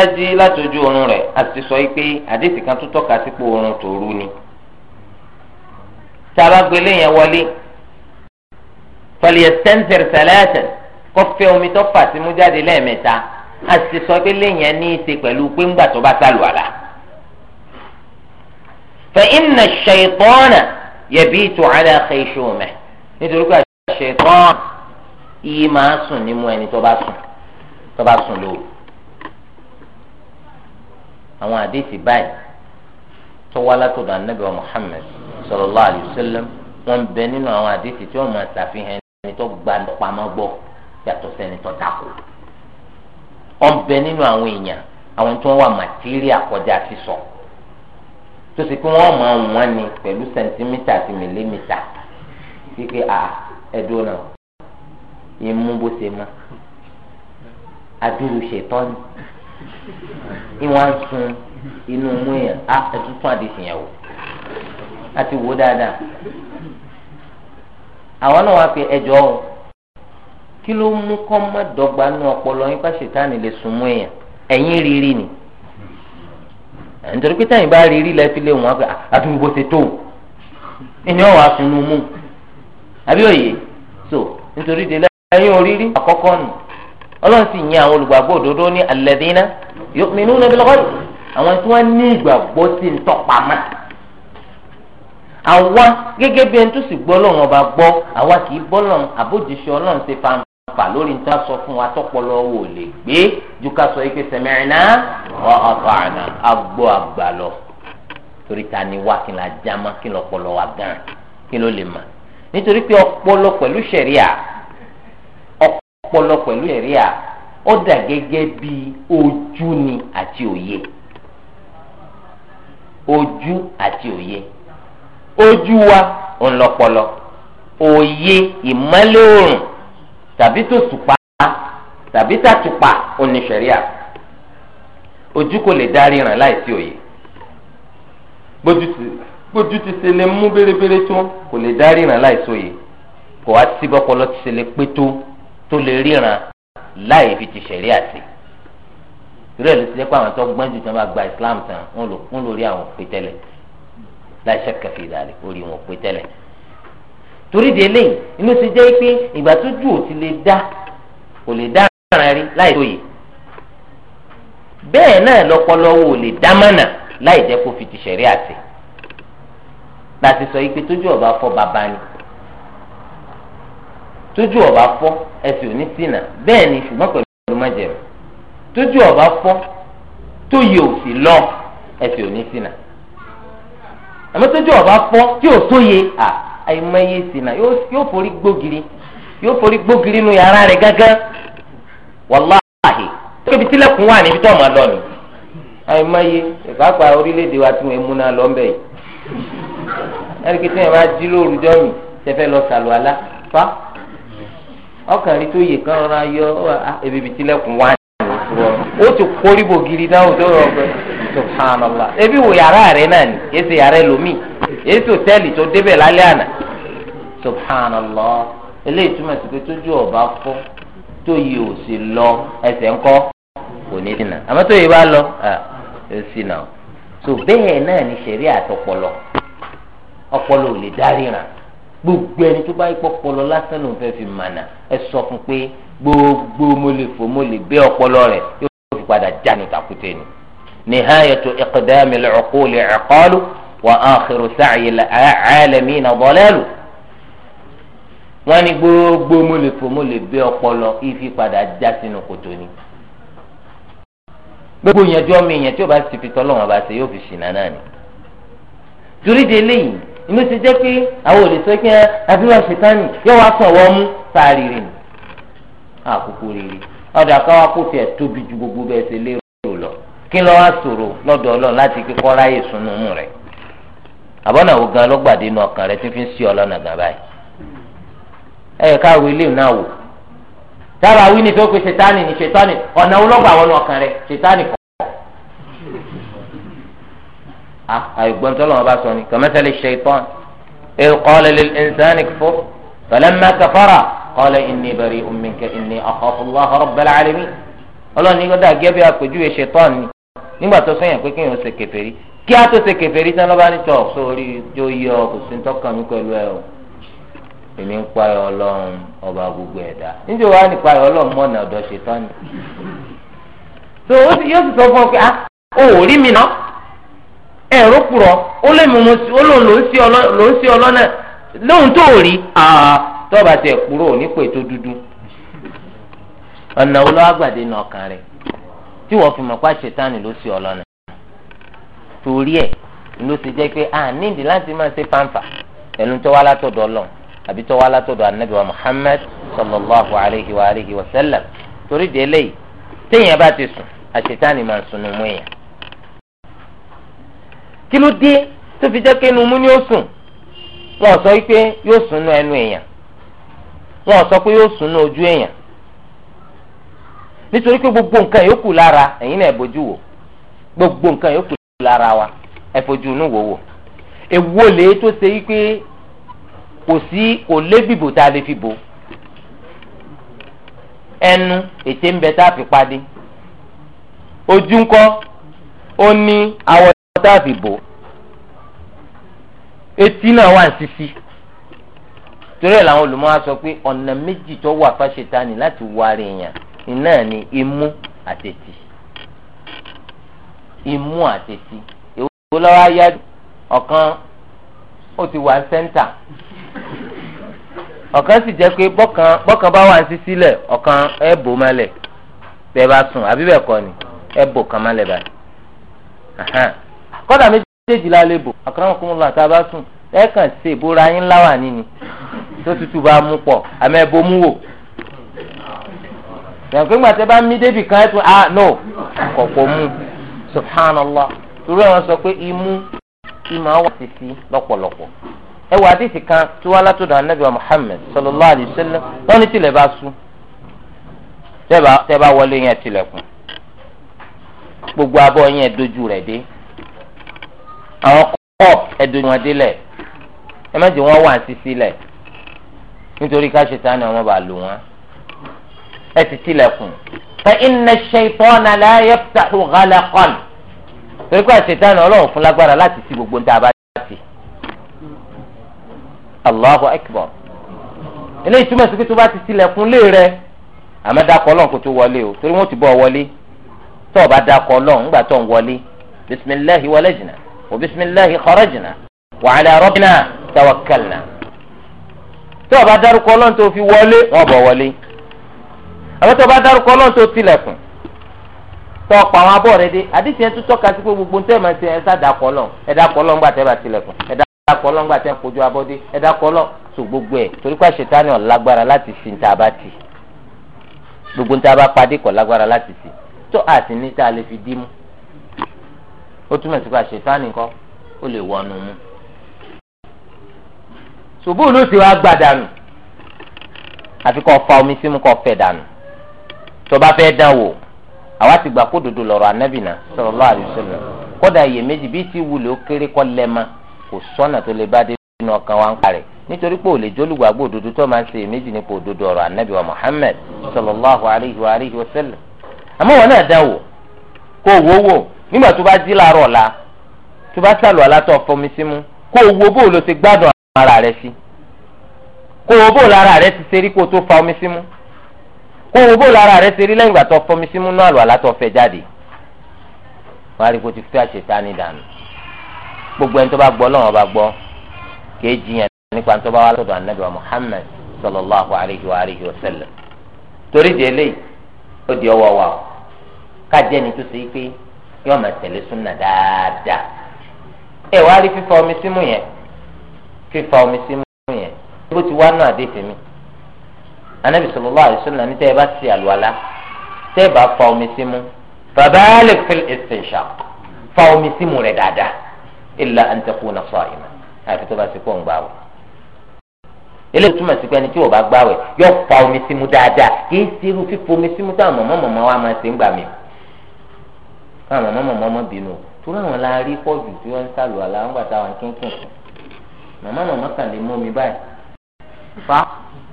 oorun àti sọ yìí pé àdéhùn kan tó sípò oorun ni tí a bá gbélé yẹn wọlé falyastanthir thalathan kọfẹ omi tó fà sí mú jáde àti sọ pé ẹ ní í ṣe فإن الشيطان يبيت على خيشومه nítorí الشيطان yìí máa sùn nímú ẹni tó bá sun. tó bá sùn lóru àwọn àdéhìí báyìí tó wa sallallahu bẹ nínú àwọn àdéhìí tí wọ́n máa ṣàfihàn ẹni tó gba pamọ́ gbọ́ yàtọ̀ sẹ́ni tó dáko wọ́n bẹ nínú àwọn èèyàn àwọn tí wà So tó ti pé wọ́n máa wọ́n ni pẹ̀lú sẹ̀ntímítà àti mìlímítà wípé a ẹ̀dùn náà ìmú bó ṣe mọ́ adúlù ṣètọ́ ni ìwọ̀n á sun inú mú yẹn á ẹ̀dùn fún àdìsí yẹn wò láti wò dáadáa àwọn náà wá pé ẹjọ́ o kí ló mú kọ́ mọ́ dọ́gba nínú ọpọlọ yín pàṣẹ táà ní lè mú èèyàn ẹ̀yìn rírì ni nítorí pé táyìn bá rí rí lẹ́sí lé wọn àdúgbò bó ṣe tó ẹni ọ̀wọ́ àsunú mú àbí so nítorí délẹ̀ ẹ̀yìn orírí àkọ́kọ́ nù ọlọ́run sì yin àwọn olùgbàgbọ́ òdodo ní alladhina yu'minuna bil ghaib àwọn tí wọ́n ní ìgbàgbọ́ sí ń tọ́pamọ́ àwa gẹ́gẹ́ bí ẹni tó sì gbọ́ lọ́wọ́n ọba gbọ́ àwa kì í bọ́ lọ́wọ́n àbójúṣe ọlọ́run ṣe fa fà lórí ní ta sọ fún wa tọpọlọ wò lè gbé ju ká sọ ike sami'na wa ata'na agbó àgbà lọ torí ta ni wá kí n la jáma kí n lọ pọlọ wa gan kí n ló lè mà nítorí pé ọpọlọ pẹ̀lú sẹ̀ríà ọpọlọ pẹ̀lú sẹ̀ríà ó dà gẹ́gẹ́ bí ojú ni àti òye ojú àti òye ojú wa ń lọpọlọ òye ìmọ́lẹ̀ oòrùn tàbí tó tùpá tàbí tàtùpà oníṣẹ̀ríà ojú kò lè darí ràn láì sí òye gbójú ti ṣe lè mú bérebére tó kò lè darí ràn láì sóye kò wá sí bọ́pọlọ ti ṣe lè pé tó tó lè ríran láì fi ti ṣẹ̀rí àti ìrẹ́ ló ti jẹ́ pé àwọn tó gbọ́n jù tí wọ́n bá gba Islam tán wọ́n lò rí àwọn òpè tẹ́lẹ̀ láì ṣe kẹfì ìdàrí orí wọn òpè tẹ́lẹ̀ torí de eléyìí inú ti jẹ́ pé ìgbà tó jù ò ti lè dá kò lè dá àrà rí láì tóye bẹ́ẹ̀ náà lọ́pọ̀lọpọ̀ ò lè dá mọ̀nà láì jẹ́ kó fi ti ṣẹ̀rí àti láti sọ yìí pé tójú ọba fọ́ bàbá ni tójú ọba fọ́ ẹsẹ̀ òní sínà bẹ́ẹ̀ ni ṣùgbọ́n pẹ̀lú májẹ̀mú tójú ọba fọ́ tóye ò sì lọ ẹsẹ̀ òní sínà àmọ́ tójú ọba fọ́ tí ò tóye à. àìmọye sìnà yóò forí gbógiri yoo forí gbógiri nu yàrá rẹ̀ gángan wàláhì tóbi tilẹ̀kùn wà níbi tó ọmọ lọ ni àìmọye ìfàgbà orílẹ̀-èdè wa tí wọ́n mú náà lọ́nbẹ̀ yìí ẹ̀ríkì tí wọ́n bá jí lóru jọ́mi tẹ́fẹ́ lọ sàlù àlá fa ọkàn rí tó yè kán rọra yọ ah, ebèbè wà ní ti bògiri náà o tó rọ ọgbẹ subhanallah ebi wo yàrá rẹ náà ni èsì yàrá ẹlòmíì èsì tó débẹ̀ lálẹ́ subhanallah eléyìí túmọ̀ sí pé tójú ọba fọ́ tó yìí ò sì lọ ẹsẹ̀ ńkọ́ kò ní dínà àmọ́ tó yìí bá lọ ẹ sì nà so bẹ́ẹ̀ náà ni sẹ̀rí àtọpọlọ ọpọlọ ò lè dáríran gbogbo ẹni tó bá yí pọpọlọ lásán ló ń fẹ́ fi mànà ẹ sọ fún pé gbogbo mo lè fò mo lè bẹ́ ọpọlọ rẹ̀ yóò fi padà jánu tàkùtẹ̀ ni nihayatu iqdamil uquli iqalu wa akhiru sa'yil alamina dalalu wọ́n ní gbogbo mólèpò mólèbé ọpọlọ ìfi padà já sínú kòtò ni gbogbo ìyànjú ọmọ èèyàn tí ó bá ti fi tọ́lọ́ wọn bá ṣe yóò fi ṣìnà náà ni torí de eléyìí inú ti jẹ́ pé àwọn ò lè sọ pé abíwá ṣètánì yóò wá sàn wọ́n mú sáà rírì ni àkókò rírì ọ̀dà káwá kó tiẹ̀ tóbi ju gbogbo bẹ́ẹ̀ ṣe lérò lọ kí lọ́ wá lọ́dọ̀ ọlọ́run láti kíkọ́ ráyè sunú mú rẹ̀ àbọ̀nà ògan ló gbàdé inú ọkàn rẹ̀ tí fi ń sí ọlọ́nà gàbáyìí ẹ ká wo ilé náà wò dábàá wí ni tó pe ṣètánì ni ṣètánì ọ̀nà olóògbà wọnú ọkàn rẹ ṣètánì kọ́. àìgbọ́n tó lọ́wọ́ bá sọ ni kàmẹ́tẹ́lẹ̀ ṣètán ìkọ́lẹ̀ lẹ́nsánì fún falamma kafara qala inni bari'un minka inni akhafu Allaha rabbal alamin ọlọ́ọ̀ni gbọ́dọ̀ àgẹ́bí àpèjúwe ṣètán ni nígbà tó sẹ́yìn pé kéèyàn ṣe kèfèrí kí á tó ṣe kèfèrí tán lọ́ba èmi ń payọ ọlọ́run ọba gbogbo ẹ̀dá níjẹ́ wàá ní payọ ọlọ́run mọ́nà ọdọ ṣetán ni. tó o yóò sì sọ fún ọ pé ah o ò rí mi ná ẹ̀rọ kùrọ̀ ó lè mú ó lòun ló ń sí ọlọ́nà náà tó rí tọ́ba tiẹ̀ kúrò nípò ètò dúdú ọ̀nà olówó àgbàdé nà ọkàn rẹ̀ tí wọ́n pa ló sí ọlọ́nà torí ẹ̀ ló ti a nídìí láti máa ṣe fáńfà wá látọ̀dọ̀ àbí tó wá látọ̀dọ̀ anabi wa muhammad sallallahu alayhi wa alihi wa sallam torí de eléyìí téèyàn bá ti sùn àṣetáni máa ń sunu mú èèyàn. kí ló dé tó fi jẹ́ pé inú mú ni ó sùn wọ́n sọ pé yóò sunu ẹnu èèyàn wọ́n sọ pé yóò sunu ojú èèyàn nítorí pé gbogbo nǹkan yòókù lára ẹ̀yin náà bójú wò gbogbo nǹkan yòókù lára wa ẹ inú wò wò èwo lèé tó ṣe yí pé kò sí kò lébìbò tá a lè fi bò ẹnu ètè ń bẹ tá a fi padé ojú ńkọ́ ó ní awọ tá a fi bò etí náà wà sisi torí ẹ̀ làwọn olùmọ̀ á sọ pé ọ̀nà méjì tó wà fáṣetánì láti wọ ara èèyàn iná ni imú àtẹ̀tì imú àtẹ̀tì èwo lọ́wọ́ ayá ọ̀kan ó ti wà sẹ́ńtà ọ̀kan sì jẹ́ pé bọ́kan bọ́kan bá wà ń sisi lẹ̀ ọ̀kan ẹ̀ bò má lẹ̀ tẹ́ bá sùn àbí bẹ́ẹ̀ kọ́ ni ẹ̀ bò kan má lẹ̀ báyìí kọ́dà méjèèjì la lè bò akramakumullah tá a bá sùn ẹ̀ kàn ṣe ìbora yín láwà níní tó tutù bá mú pọ̀ àmọ́ ẹ̀ bò mú wò yàtọ̀ nígbà tí a bá mí débi kan ẹ̀ tún ah no kọ̀kọ̀ mú subhanallah torí àwọn sọ pé imú ìmọ̀ àwọn àti ẹ wà àdìsí kan tí wọn látọ̀dọ̀ anabi wa muhammed sallallahu alayhi wa sallam wọn ní tilẹ̀ bá sùn tẹ́ bá wọlé yẹn tilẹ̀kùn gbogbo abọ́ yẹn dojú rẹ̀ dé àwọn kọ́ọ̀p ẹ̀dùn wọn délẹ̀ ẹ má jẹ́ wọn wà sísí lẹ̀ nítorí ká ṣètánì àwọn bá lò wọn ẹ ti tilẹ̀kùn fa inna ash-shaytana la yaftahu ghalaqan torí pé ṣètánì ọlọ́run fún lágbára láti ṣí gbogbo ń tá bá allahu akbar eléyìí túmọ̀ sí pé tó bá ti tilẹ̀kùn lé rẹ àmọ́ dákọ̀ ọlọ́run kò tó wọlé o torí wọ́n ti bọ́ wọlé tó o bá dákọ̀ ọlọ́run ńgbà tó ń wọlé bisimilahi walajna wa bisimilahi kharajna wa ala rabbina tawakkalna tó o bá dárúkọ ọlọ́run tó fi wọlé wọ́n bọ̀ wọlé àmọ́ tó o bá dárúkọ ọlọ́run tó tilẹ̀kùn tó o pa àwọn abọ́ rẹ dé àdìsí yẹn tó tọ́ka sí pé gbogbo ntẹ́ máa ń ṣe sá dákọ̀ ọlọ́run ẹ̀ dákọ̀ ọlọ́run gbà dákọ̀ lọ́ngbà tẹ́ ń kojú abọ́dé ẹ dákọ̀ lọ so gbogbo ẹ̀ torí pé ṣètánì ọ̀ lágbára láti sin tá a bá ti gbogbo tá a bá padé kọ̀ lágbára láti sin tó a sì ní tá a lè fi dí mú ó túmọ̀ sí pé ṣètánì kọ́ ó lè wọnú mú. ṣùgbọ́n olú ti wá gbà dànù àfi kọ́ fa omi símú kọ́ fẹ́ dànù tó bá fẹ́ dán wò àwa ti gbà kó dodo lọ́rọ̀ anábìnà sallallahu alaihi wasallam kódà iyèméjì bíi ti wulè ó kéré kọ́ lẹ́ẹ̀ma kò sọ́nà tó lè bá dé nínú ọkàn wa ń parẹ́ nítorí pé ò lè jólùgbàgbọ́ òdodo tó máa ń ṣe èméjì nípa òdodo ọ̀rọ̀ ànábì wa Muhammad sallallahu alayhi wa alayhi wa sallam àmọ́ wọn náà dá wò kó wò wò nígbà tó bá jí láàárọ̀ ọ̀la tó bá sàlù alátọ̀ fọmi símú kó wo bó ló ti gbádùn ara rẹ sí kó wo bó lára rẹ ti ṣe rí kó tó fa omi símú kó wo bó lára rẹ ṣe rí lẹ́yìn ìgbà tó fọmi símú náà lọ alátọ̀ fẹ́ jáde wọ́n á rí kó ti fẹ́ àṣetá ní dànù gbogbo ẹni tó bá gbọ́ lọ́wọ́ bá gbọ́ kì í jiyàn nípa tó bá wà lọ́dọ̀ anabi wa muhammed sallallahu alayhi wa alayhi wa sallam torí di eléyìí ó di ọwọ́ wa o kájẹ́ ni tó ṣe pé yóò máa tẹ̀lé súnà dáadáa ẹ wá rí fífa omi símú yẹn fífa omi símú yẹn bó ti wá náà dé tèmi anabi sallallahu alayhi wa sallam ní ẹ bá ti àlùwalá tẹ́ ẹ bá fa omi símú fàbáàlì fil istinshaq fa omi símú rẹ̀ dáadáa illa an takuna sa'ima àyàfi tó bá ti kó ń gbà wọ eléyìí túmọ̀ sí pé ẹni tí ò bá gbàwẹ̀ yóò fa omi símú dáadáa kì í ṣe irú fífo omi símú táwọn mọ̀mọ́ mọ̀mọ́ wa máa ṣe ń gbà mí káwọn mọ̀mọ́ mọ̀mọ́ bínú torí àwọn la rí pọ̀jù tí wọ́n ń sàlù àlà ń gbà táwọn kínkìn fún mọ̀mọ́ mọ̀mọ́ kàn lè mú omi báyìí fa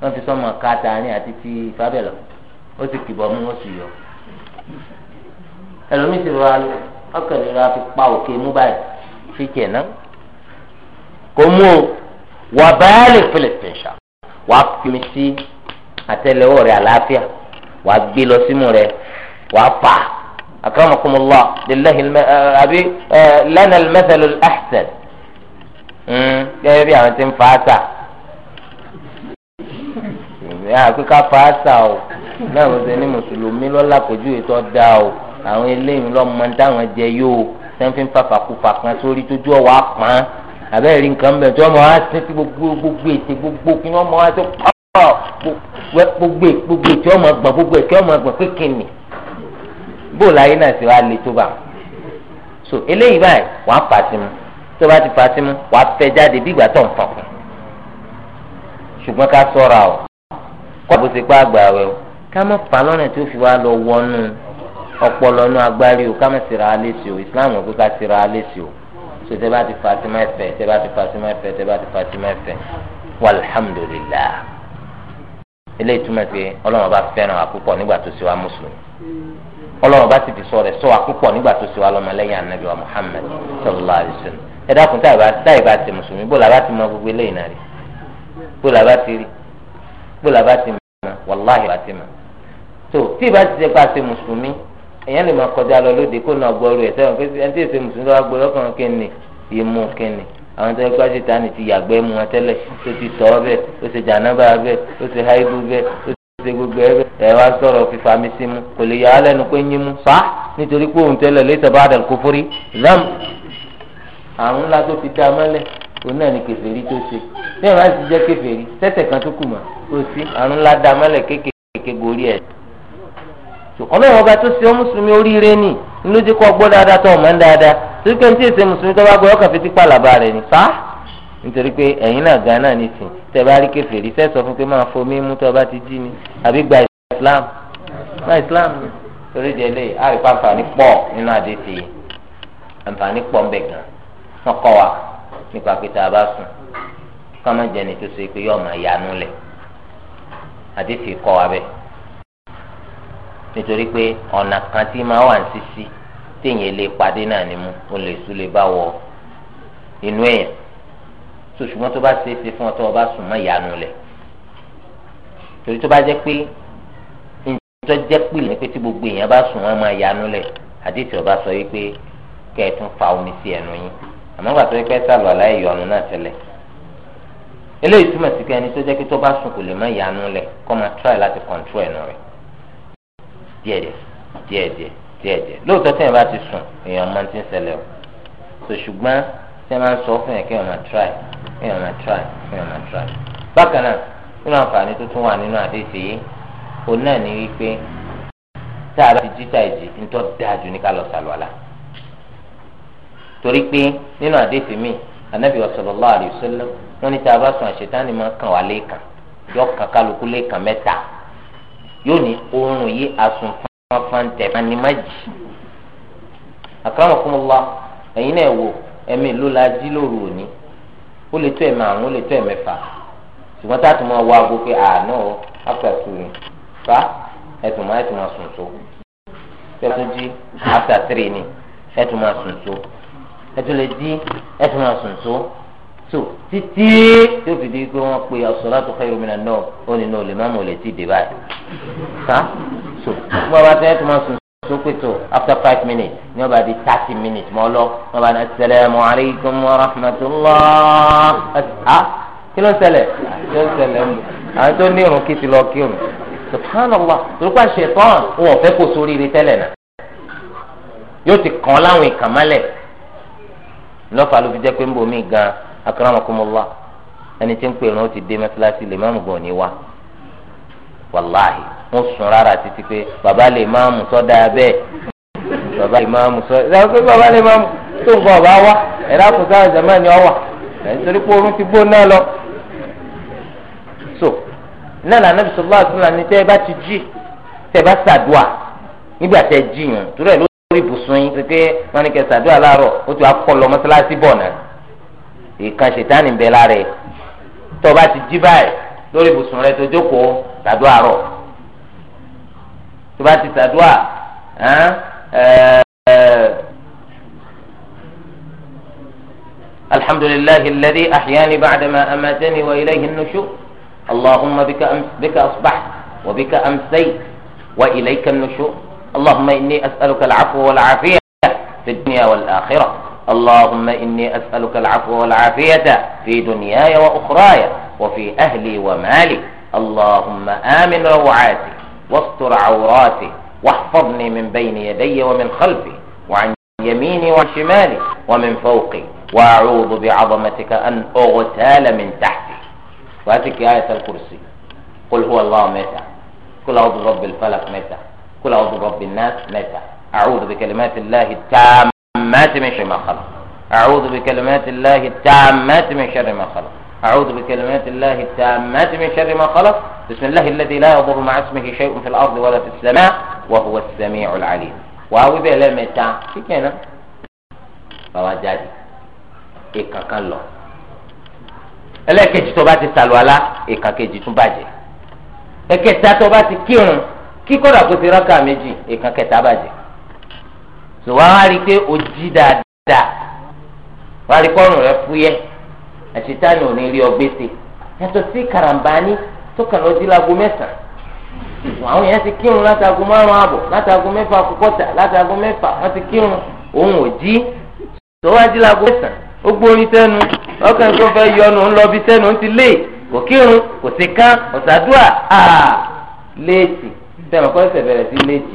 wọ́n fi sọ́mọ ká taarin àti ti fábẹ́lọ̀ ó sì kìbọ̀ mú ó sì yọ ẹlòmíì ti rọra ọkàn rẹ̀ fi pa òkè mú báyìí shikenan kò mú o wà báyìí philippine ṣá wà á pin sí àtẹ́lẹwọ́ rẹ àlàáfíà wà á gbé lọ símú rẹ wà á fà akramakumullah lillahi abi lana almathalu alahsan gẹ́gẹ́ bí àwọn tí ń fa àṣà àkíká fa àṣà o náà wọ́n ṣe ní mùsùlùmí lọ́la kojú ètò ọ̀dà o àwọn eléyìí lọ́mọ táwọn jẹ yóò sẹ́ńfín fàfàkùfà kan sórí tójú ọ̀wọ́ àpọ́n àbẹ́rẹ́ nǹkan bẹ̀ tí wọ́n mọ̀ á ṣe tí gbogbo gbogbo ètè gbogbo kí wọ́n mọ̀ á ṣe pọ̀ gbogbo gbogbo ètè ọmọ gbọ̀n gbogbo ètè ọmọ gbọ̀n kékeré bó láyé náà sì wá le tó bá so eléyìí báyìí wàá fà sí mu tó bá ti fà sí mu wàá fẹ́ jáde bí ìgbà tó ń fọ̀n kún ṣùgbọ́n ká sọ̀ra o kọ́ bó ṣe pa àgbà rẹ o ká má fà lọ́nà tó fi wá lọ wọnú ọpọlọ nu agbárí o kámẹ sira alẹ sí o islam òkú ká sira alẹ sí o so tẹ bá ti fa sí máa fẹ tẹ bá ti fa sí máa fẹ tẹ bá ti fa sí máa fẹ walhamdulillah eléyìí túmọ̀ sí ọlọ́run ọba fẹ́ràn wa púpọ̀ nígbà tó ṣe wa mùsùlùmí ọlọ́run ọba sì ti sọ rẹ̀ sọ wa nígbà tó ṣe wa lọ́mọlẹ́yìn anabi wa muhammed sallallahu alayhi wa sallam ẹ dákun táyì bá táyì bá ti mùsùlùmí bó làbá ti mọ gbogbo eléyìí náà rí bó làbá ti rí bó làbá ti mọ wàláhì bá ti mọ tó tí ì bá ti ṣe pa ṣe mùsùlùmí èèyàn lè máa kọjá lọ lóde kó náà gbọ́ ọ̀rọ̀ ẹ̀ sẹ́wọ̀n pé ẹni tí èsè mùsùlùmí wá gbọ́ lọ́kàn kínní ìmú kínní àwọn tó ń gbájú ta ni ti yàgbẹ́ mu wọn tẹ́lẹ̀ ó ti tọ́ ọ bẹ́ẹ̀ ó ti jànábà bẹ́ẹ̀ ó ti háìdú bẹ́ẹ̀ ó ti ṣe gbogbo ẹ bẹ́ẹ̀ ẹ wá sọ̀rọ̀ fífa mi sí mu kò lè yà á lẹ́nu pé yín mu fa nítorí pé òun tẹ́lẹ̀ lè sọ̀bá àdàl kó forí lẹ́m àwọn ńlá tó fi dá mọ́lẹ̀ òun náà ni kèfèrí tó ṣe bí ẹ̀ máa ti jẹ́ kèfèrí tẹ́tẹ̀ kan tó kù mọ́ kó àwọn ńlá dá mọ́lẹ̀ kéékèèké gorí ẹ̀ ọlọ́run ọba tó ṣe ọ́ mùsùlùmí oríire ni ló jẹ́ kó gbọ́ dáadáa tó ọmọ ń dáadáa torí pé ní tí èsè mùsùlùmí tó bá gbọ́ ọkàn fi ti pàlàbà rẹ̀ ni fa nítorí pé ẹ̀yin náà gan náà ní sìn tẹ́ bá rí kèfèrí fẹ́ sọ fún pé máa fomi mú tó ọba ti jí ni àbí gba Islam gba Islam ni torí de lè àríkà àǹfààní pọ̀ nínú àdé ti àǹfààní pọ̀ ń bẹ̀ gan wọ́n kọ́ wa nípa pé tá a bá sùn ká má jẹ́ni tó ṣe pé yóò máa yanú lẹ̀ àdé ti kọ́ wa bẹ́ẹ̀ nítorí pé ọ̀nà kan tí máa wà ń sisi téèyàn lè pàdé náà ni mu o lè sùn lè bá wọ inú èèyàn tó ṣùgbọ́n tó bá ṣe é ṣe fún ọ tó o bá sùn mọ́ ìyanu lẹ̀ torí tó bá jẹ́ pé tó jẹ́ pìlẹ̀ ní pé tí gbogbo èèyàn bá sùn wọn máa yanu lẹ̀ àdìsí ọba sọ wípé kẹ́ fa omi sí ẹnu yín àmọ́ gbà tó wípé sàlù aláì yọ ọ̀nù náà tẹ́lẹ̀ eléyìí túmọ̀ sí pé ẹni tó jẹ́ pé tó bá sùn kò lè má yanu lẹ̀ kó máa try láti control ẹnu rẹ̀ díẹ̀díẹ̀ díẹ̀díẹ̀ díẹ̀díẹ̀ lóòótọ́ tí èèyàn bá ti sùn èèyàn máa ti ń ṣẹlẹ̀ o so ṣùgbọ́n tí wọ́n máa ń sọ fún yẹn kí èèyàn máa try kí èèyàn máa try kí èèyàn máa try bákan náà nínú àǹfààní tó tún wà nínú àdéhìí yìí òun náà ní wípé tá a bá ti jí táìjì ń tọ́ dáa jù ní ká lọ sàlùwàlà torí pé nínú àdéhìí mi anabi wa sallallahu alayhi wa sallam wọn ní tá a bá sùn àṣetánì máa kàn wá lẹ́ẹ̀kan yọ yóò ní oorun yìí asùn fanfantẹ fanimajì akramakumullah ẹ̀yin náà wò ẹ̀mí ló la jí lóru òní ó lè tó ẹ̀ márùn ó lè tó ẹ̀ mẹ́fà ṣùgbọ́n tá a tún máa wá aago pé àánú after three fa ẹ̀tùn máa ẹ̀tùn máa sùn jí after three ni ẹ̀tùn máa sùn tó ẹ̀tùn lè jí ẹ̀tùn máa so títí tí ó fi di pé wọ́n pe as-salatu khairu minan nawm ó nínú olè má mọ̀ olè tí ì dé báyìí ká so gbogbo àwọn àti ẹ̀ tó máa sùn sokoto after five minutes ní ọba di thirty minutes mọ lọ ní ọba náà assalamu alaikum wa rahmatullah ha kí ló ń ṣẹlẹ̀ kí ló ń ṣẹlẹ̀ ń bọ̀ tó ní irun kí ti lọ kí irun subhanallah torípa ṣetán wọn ò fẹ́ kó sórí ire tẹ́lẹ̀ náà yóò ti kàn láwọn ìkàmálẹ̀ lọ́fà ló fi jẹ́ pé ń bomi gan akramakumullah ẹni tí ń pè wọn ti dé mẹsàlásì lè máàmù bọ̀ ní wa wàláhì wọn sùn rárá títí pé bàbá lè máàmù sọdá bẹ́ẹ̀ bàbá lè máàmù sọdá ẹ pé bàbá lè máàmù tó ń bọ̀ ọba wa ẹ dákun sáà jẹmọ ni ọ wà ẹ nítorí pé oorun ti gbó náà lọ so náà lànà bisalòlá àtúnlá ni tẹ ẹ bá ti jí tẹ ẹ bá ṣàdúà nígbà tẹ jí yàn torí ẹ lórí ibùsùn yín pé wọn ni kẹ ṣàdúà láàárọ̀ ó ti wá kọ lọ náà. ìkan ṣètánì ń bẹ lára ẹ tó o bá ti jí báyìí lórí ibùsùn rẹ tó jókòó tàdúrà rọ tó o bá ti tàdúrà alhamdulilayi alladhi ahyani ba'dama amatani wa ilayhi nushur allahumma bika bika asbax wa bika amsay wa ilayka nushur allahumma inni as'aluka al'afwa wal afiya fi dunya wal akhirah. اللهم إني أسألك العفو والعافية في دنياي وأخراي وفي أهلي ومالي اللهم آمن روعاتي واستر عوراتي واحفظني من بين يدي ومن خلفي وعن يميني وعن شمالي ومن فوقي وأعوذ بعظمتك أن أغتال من تحتي وهاتك آية الكرسي قل هو الله متى قل أعوذ برب الفلق متى قل أعوذ برب الناس متى أعوذ بكلمات الله التامة التامات من شر ما خلق أعوذ بكلمات الله التامات من شر ما خلق أعوذ بكلمات الله التامات من شر ما خلق بسم الله الذي لا يضر مع اسمه شيء في الأرض ولا في السماء وهو السميع العليم واو بي لم تا إيكا كان له ẹlẹ́ẹ̀kejì tó bá ti سالوالا ìka kejì tún bàjẹ́ ẹ̀kẹta كيون bá ti kírun kíkọ́dà kó ti rákà méjì sọ wá wá rí i pé o jí dáadáa wá rí kọ́rùn rẹ fúyẹ́ àṣetánì ò ní rí ọ gbèsè yàtọ̀ sí karambani tó kàn lọ sí lago mẹ́sàn-án àwọn yẹn ti kírun látago márùn ààbọ̀ látago mẹ́fà kókọ́tà látago mẹ́fà wọ́n ti kírun òun ò jí tọ́wájú lago mẹ́sàn-án ó gbórí sẹ́nu ọkàn tó fẹ́ yọnu ńlọbi sẹ́nu ń ti lé kò kírun kò sí kán ọ̀sàdúà àà léètì sẹ́wọ̀n kọ́ ẹ̀sẹ̀ bẹ̀rẹ̀ sí léètì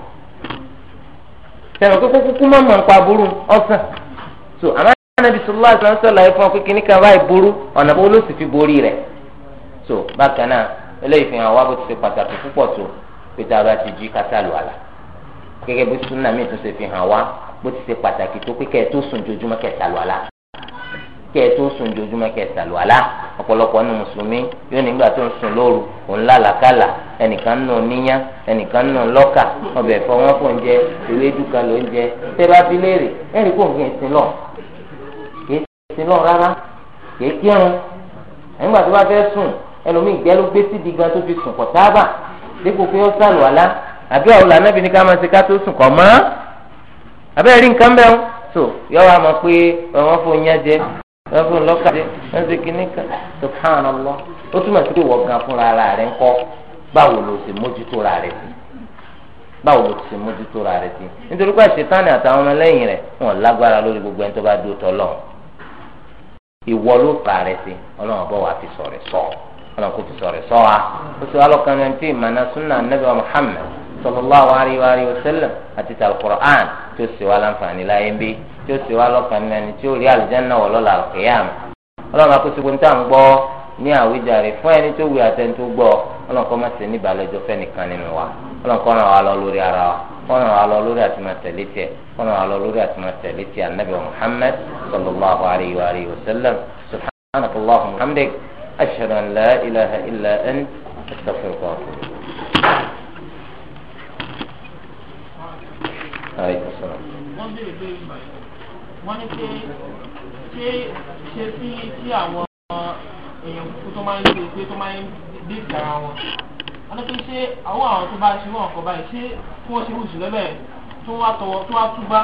sẹ́wọ̀n kókó kúkú má mọ̀ nípa burú ọ̀sán so àmọ́ anabi sọlá àti sọlá yìí fún ọ pé kíní kan báyìí burú ọ̀nà bó ló sì fi borí rẹ̀ so bákan náà eléyìí fi hàn wá bó ti ṣe pàtàkì púpọ̀ tó pété ara ti jí kásá lu àlà gẹ́gẹ́ bí súnà tó ṣe fi hàn wá bó ti ṣe pàtàkì tó pé kẹ́ẹ̀ tó sùn jojúmọ́ kẹ́ẹ̀ sálù àlà kẹ́ ẹ tó sùn jojúmọ́ kẹ́ ẹ sàlù àlá ọ̀pọ̀lọpọ̀ nù mùsùlùmí yóò nígbà tó ń sùn lóru òun lálàkàlà ẹnìkan nù níyàn ẹnìkan nù lọ́kà ọbẹ̀ ẹ̀fọ́ wọn fò ń jẹ ewé dúkà ló ń jẹ tẹ́ bá fi léèrè ẹ̀rí kò ń fi ìsìn lọ kì í sin lọ rárá kì í kírun ẹ̀ńgbà tó bá fẹ́ sùn ẹlòmíì gbẹ́ ló gbé sídìí gan tó fi sùn kọ̀ táàbà dípò pé ó sàlù àlá àbí àwọn làǹdàbí ni ká máa ṣe ká tó sùn kọ̀ mọ́ àbẹ́rẹ́ rí nǹkan bẹ́ẹ̀ so yọ wa mọ̀ pé ọmọ fún yẹn jẹ wọ́n fún un lọ́kàdé wọ́n ṣe kínní kan subhanallah ó túmọ̀ sí pé wọ̀gán fúnra ara rẹ̀ ń kọ́ báwo ló ṣe mójútó ra rẹ̀ sí báwo ló ṣe mójútó ra rẹ̀ sí nítorí pé ṣètánì àtàwọn ọmọlẹ́yìn rẹ̀ wọ́n lágbára lórí gbogbo ẹni tó bá dúró tọ́ lọ́wọ́ ìwọ ló ta rẹ̀ sí ọlọ́run bọ́ wàá fi sọ̀rẹ̀ sọ ọlọ́run kò fi sọ̀rẹ̀ sọ wa ó ṣe alọ́kànnì tí ìmọ̀nà sunnah nabi Muhammad sallallahu alaihi wa alihi wasallam àti tàlùkùrán tí ó sì wá láǹfààní láyé ń bí tí ó sì wá lọ́kàn mẹ́rin tí ó rí àlùjáná wọ̀ lọ́la àlùkìyàm ọlọ́run akóso gbóntà ń gbọ́ ní àwíjàre fún ẹni tó wí àtẹni tó gbọ́ ọlọ́run kọ́ máa ṣe ní ìbàlẹ́jọ́ fẹ́nìkan nínú wa ọlọ́run kọ́ ràn wá lọ lórí ara wa kọ́ ràn wá lọ lórí àti máa tẹ̀lé tiẹ̀ kọ́ ràn wá lọ lórí àti tiẹ̀ anabi muhammed sallallahu alayhi wa alihi wa sallam subhanaka allahumma an la ilaha illa ant astaghfiruka wọ́n béèrè pé wọ́n ní pé ṣé ṣe sí tí àwọn èèyàn kúkú tó máa ń ṣe pé tó máa ń dé ìdára wọn wọ́n ní pé ṣé àwọn àwọn tó bá ṣe wọ́n kọ́ báyìí ṣé kí wọ́n ṣe wùsùn lẹ́bẹ̀ tó wá tọwọ́ tó wá túbá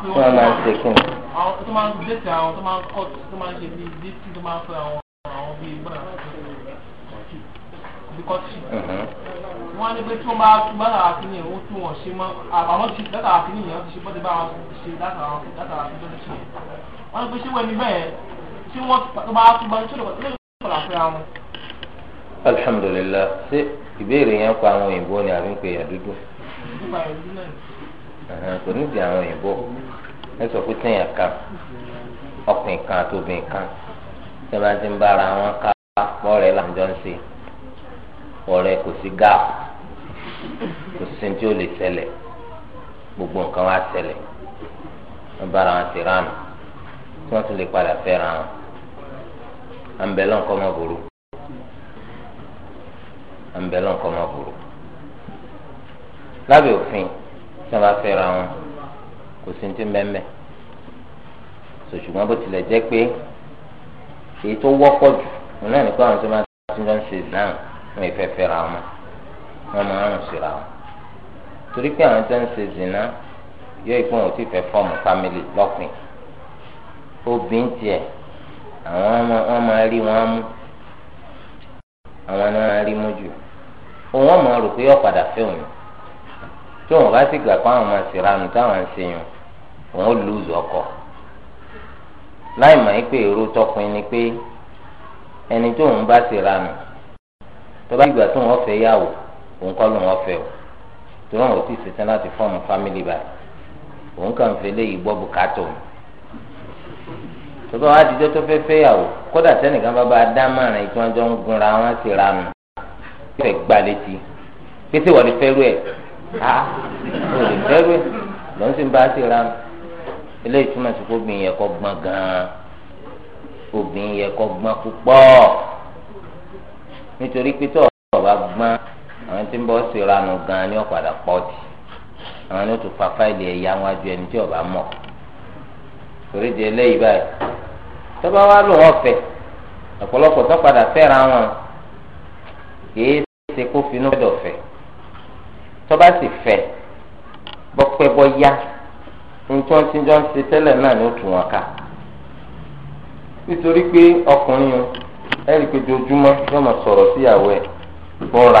pé wọ́n máa ń ṣe kí wọ́n tó máa ń dé ìdára wọn tó máa ń kọ́ tó máa ń ṣe bí dé tí tó máa ń fẹ́ àwọn àwọn bíi bọ́ọ̀lù wọ́n ní pé tí wọ́n bá tún bá tàwa kí ni òun tún wọ́n ṣe mọ́ àbámọ́ ti látara kí ni ìyẹn ti ṣe bọ́dé bá wọn ṣe látara látara kí ló ṣe wọ́n ní pé ṣé wọ́n ní bẹ́ẹ̀ tí wọ́n tó bá tún bá tó lè kọ́ lè fẹ́ra wọn. alhamdulilah ṣé ìbéèrè yẹn pa àwọn òyìnbó ni àbí ń pe àdúgbò kò ní di àwọn òyìnbó ẹ sọ pé téèyàn kan ọkùnrin kan àti obìnrin kan tí wọ́n bá ti ń bára wọn ká ọ̀rẹ́ làǹjọ́ ń ṣe ọ̀rẹ́ kò sí gáàpù kò sí ní tí ó lè ṣẹlẹ̀ gbogbo nǹkan wá ṣẹlẹ̀ wọ́n bára wọn ti ránù tí wọ́n tún lè padà fẹ́ra wọn àǹbẹ̀lọ̀ nǹkan mọ̀ burú àǹbẹ̀lọ̀ nǹkan mọ̀ burú lábẹ́ òfin tí wọ́n bá fẹ́ra wọn kò sí ní tí mẹ́mẹ́ sòṣùgbọ́n bó tilẹ̀ jẹ́ pé èyí tó wọ́pọ̀ jù wọn náà ní kó àwọn tó máa ti ń ṣe náà wọn ìfẹ́ fẹ́ra wọn. wọn máa ń síra wọn torí pé àwọn tó ń ṣe zina ò tí fẹ́ fọ́ọ̀mù fámìlì obìnrin tiẹ̀ àwọn wọn máa rí wọn mú àwọn ni wọn máa rí mú jù òun rò pé padà sì gbà pé àwọn táwọn ń ṣe òun ó lùzù ọkọ láì mọ̀ yín pé èrò tọkùn ni pé ẹni tó bá òun kọ́ lòun ọ̀fẹ́ o torí àwọn òtí ṣetán láti fọ́ọ̀mù fámìlì báyìí òun kàn fẹ́ léyìí gbọ́ bùkátà òun tó bá wá dijọ́ tó fẹ́ fẹ́yàwó kódà sẹ́nìkan bá bá a dá márùn-ún tí wọ́n jọ ń gunra wọn sì ranù yóò fẹ́ gbà létí pété wọ́n lè fẹ́rù ẹ̀ á wọ́n lè fẹ́rù ẹ̀ lọ́n sì ń bá a sì ranù eléyìí túmọ̀ sí kóbìnrin yẹ kó gbọ́n gan-an obìnrin yẹ kó gbọ́n púpọ̀ nítorí pé tó ọ̀rọ̀ bá gbọ́n. àwọn tí ń bọ́ sí ìranù gan ni wọ́n pọ̀ ni ó tún fa fáìlì ẹni tí ọba mọ̀ torí di eléyìí báyìí tọ́ba wa lò wọ́n ọ̀pọ̀lọpọ̀ tó fẹ́ra wọn kìí ṣe kó finú fẹ́ tọ́ba sì fẹ́ bọ́pẹ́ bọ́ yá nǹkan tí wọ́n ti tẹ́lẹ̀ náà ni ó tún wọn ká nítorí pé ọkùnrin yẹn ẹ̀rí pé sọ̀rọ̀ síyàwó ẹ̀ kó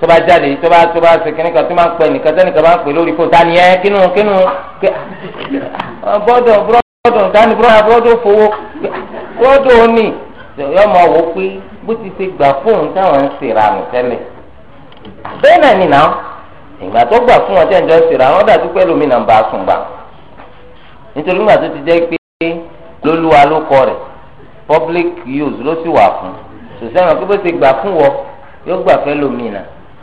tó bá jáde tó bá tó bá ṣe kíní kan tó máa ń pè nìkan tẹ́nì kan bá ń pè lórí fóònù tani ẹ kínú kínú bọ́dọ̀ bọ́dọ̀ tani bọ́dọ̀ bọ́dọ̀ fowó bọ́dọ̀ òní yọ ọmọ wò pé bó ti ṣe gbà fóònù táwọn ń ṣèrà nù tẹ́lẹ̀ bẹ́ẹ̀ náà nìyà ìgbà tó gbà fún ọjọ́ ìjọ ṣèrà wọn dàtú pẹ́ lómi náà bá a sùn gbà nítorí nígbà tó ti jẹ́ pé lólúwa ló kọ rẹ̀ public use ló sì wà fún sòsẹ́ wọn pé bó ti gbà fún wọ yóò gbà fẹ́ lómi náà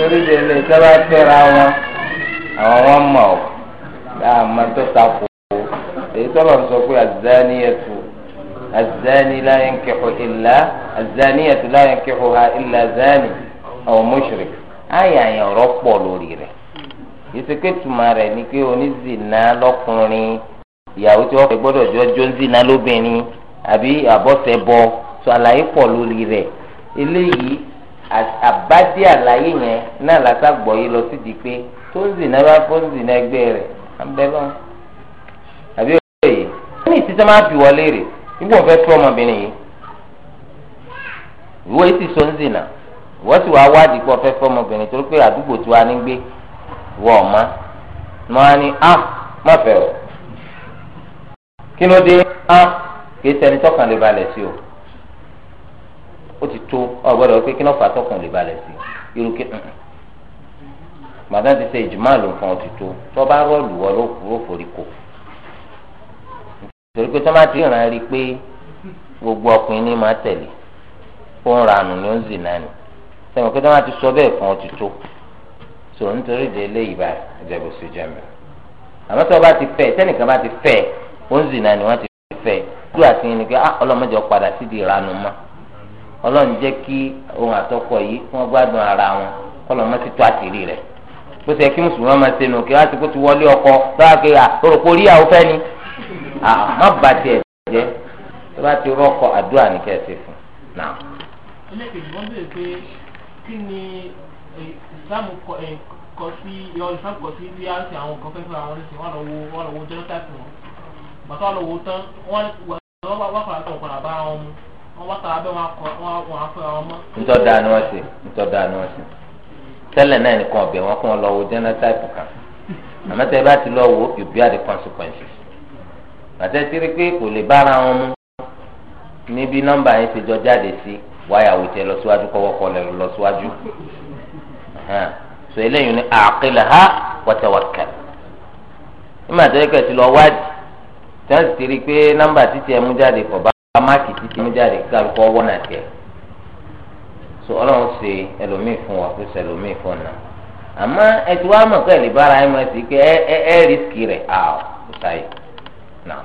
torí de ilé ìjọba tẹ́ra wọn àwọn wọn mọ̀ ọ́ dáa máa tó takò èyí tọ́lọ̀ ń sọ pé àzáni ẹ̀tù àzáni láyé ń kẹ́kọ̀ọ́ ìlà àzáni ẹ̀tù láyé ń kẹ́kọ̀ọ́ ha ìlà záni àwọn mushrik àyà yẹn ọ̀rọ̀ pọ̀ lórí rẹ̀ ìsèké tuma rẹ̀ ni pé onízìnnà lọ́kùnrin ìyàwó tí wọ́n fẹ́ gbọ́dọ̀ jọ jóńzìnnà lóbìnrin àbí àbọ̀tẹ̀ bọ àlàyé pọ̀ lórí rẹ̀ eléyìí àbádé àlàyé yẹn náà látàgbọ́ yìí lọ sídìí pé tó ń zìnà bá fó ń zìnà ẹgbẹ́ rẹ̀ abẹ́lọ́ àbí ọ̀rẹ́ yìí wọ́n ní ìtítọ́ máa fi wọlé rè nígbà wọ́n fẹ́ tó ọmọbìnrin yìí ìwọ yìí ti so ń zìnà wọ́n sì wá wádìí pé ọ̀fẹ́ fẹ́ ọmọbìnrin torí pé àdúgbò tí wàá ní gbé wọ ọ̀ma mọ́ á ní á ah, má fẹ́ o kí ló dé á ah, kì í ṣẹni tọ́kàn balẹ̀ sí o ó ti tó ọ gbọ́dọ̀ pé kí náà fà tọkàn lè balẹ̀ sí irú kí màdá ti ṣe ìjùmọ̀ àlò nǹkan ti tó tó bá rọ́ọ̀lù wọ ló kúrò forí kò nítorí pé tó má ti ràn rí pé gbogbo ọkùnrin ní máa tẹ̀lé ó ń ranù ni ó ń zì náà ni sẹ́wọ̀n pé tó má ti sọ bẹ́ẹ̀ fún ti tó sọ nítorí ìdè eléyìí báyìí ìjẹ́bù sí jẹ́mi àmọ́ tó bá ti fẹ́ tẹ́nìkan bá ti fẹ́ ó ń zì ni wọ́n ti fẹ́ dúró àti yín ni pé ah, ọlọ́mọdé ọ padà sídìí ìranu mọ́ ọlọ́run jẹ́ kí ohun àtọkọ yìí kí wọ́n gbádùn ara wọn kọ́lọ́ mọ́ ti tó àtìrí rẹ̀ bó ṣe kí mùsùlùmí máa ṣe nù kí wọ́n á ti kó ti wọlé ọkọ lọ́wọ́ pé àròpò orí àwọn fẹ́ ni má bà tiẹ̀ jẹ́ tó bá ti rọ́kọ àdúrà ní kẹ́sì fún náà. ẹlẹ́kẹ̀jì wọ́n béèrè pé kí ni ìsìlámù eh, eh, kọ sí ìyọ ìsìlámù kọ sí bí àti àwọn kan fẹ́ fún àwọn oníṣẹ́ wọn lọ wo wọn lọ wo jẹ́rọ́tà fún wọn bàtà wọn lọ wo tán wọn wà wọ́n bá tàbí wọn kọ wọn afẹ́ wọn mọ́. ntọ́ da ni wọ́n ṣe ntọ́ da ni wọ́n ṣe tẹ́lẹ̀ náà nìkan ọ̀bẹ wọn kún ọ lọ́wọ́ genotype kan àmọ́ tẹ́ bá ti lọ́wọ́ you bear the consequences àtẹ́ tí rí pé kò lè bára wọn mú níbi nọ́mbà yẹn ti jọ jáde sí wáyà wòtẹ́ lọ síwájú kọ́wọ́kọ́ lọ síwájú so eléyìí ni àkìlẹ̀ ha wọ́tẹ̀wọ́kẹ̀ nígbà tó yẹ ti lọ wádìí tí wọ́n pé nọ́mbà títí ẹ̀ mú jáde kọ̀ bá pamaki títí mi jáde kálukọ ọwọ́ náà tẹ̀ so ọlọ́run ṣe ẹlòmíì fún wa kó ṣe ẹlòmíì fún ọ̀nà àmọ́ ẹtù wa mọ̀ kọ́ ẹ̀ lè bára ẹ̀ mọ̀ ẹ̀ sì kẹ́ ẹ ẹ ẹ rìsíkì rẹ̀ àwọ̀ kò sáyé náà.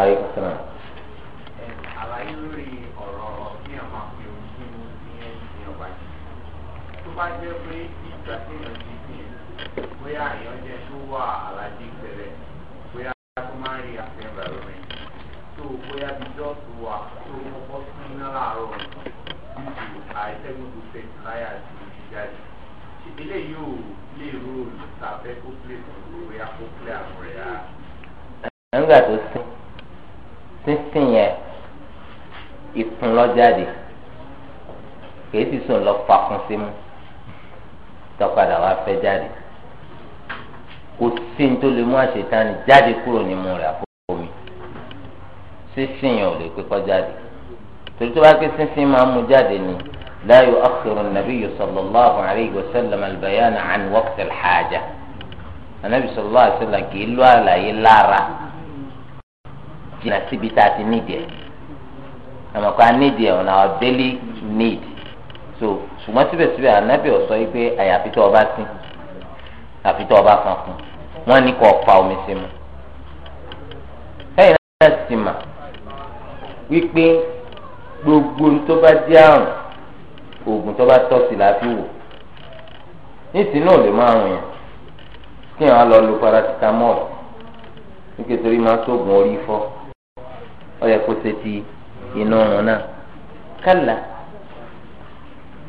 ayé kò àlàyé lórí ọ̀rọ̀ bí ẹ̀ máa fi ojú ní ẹ̀ ní ọ̀bá tó bá jẹ́ pé ìgbà tí èèyàn ti bóyá èèyàn tó wà bóyá bí jọ́ọ̀tù wà tó kọ́kọ́ sí iná láàárọ̀ bíbí àìsẹ́gun tó fẹ́ láyà sí ibi jáde. ilé yóò lè róòlù tàbẹ́ kó plé tòrò bóyá kó plé àwọn rẹ̀ á. nígbà tó sín sínsìn yẹn ìkun lọ́jáde kìí sì sùn lọ fakun sí mu tọ́padà wá fẹ́ jáde kò sí ní tó lè mú àṣetánì jáde kúrò nímú rẹ̀ àpò sísìn yẹn ò lè pé kọjáde torí tó bá pé sísìn máa mú jáde ni la yu'akhiru an-nabiyyu sallallahu alayhi wa sallam al-bayan 'an waqt al-haja anabi sallallahu alayhi wa sallam kì í lọ àlàyé lára jìnnà síbi tá a ti nídìí ẹ̀ àmọ́ kó a nídìí ẹ̀ ọ̀nà our daily need so ṣùgbọ́n síbẹ̀síbẹ̀ anabi ọ̀sọ́ yìí pé àyàfi ọba sí àfi ọba kan fún wọn ní kò fa omi sí mu. wípé gbogbo tó bá jẹ́ àrùn oògùn tó bá tọ́ sí la fi wò nísìnyí náà lè máa rùn yẹn kí àwọn lọ paracetamol nígbà tó máa sóògùn orí ọ yẹ kó ṣe ti inú ọrùn náà kálá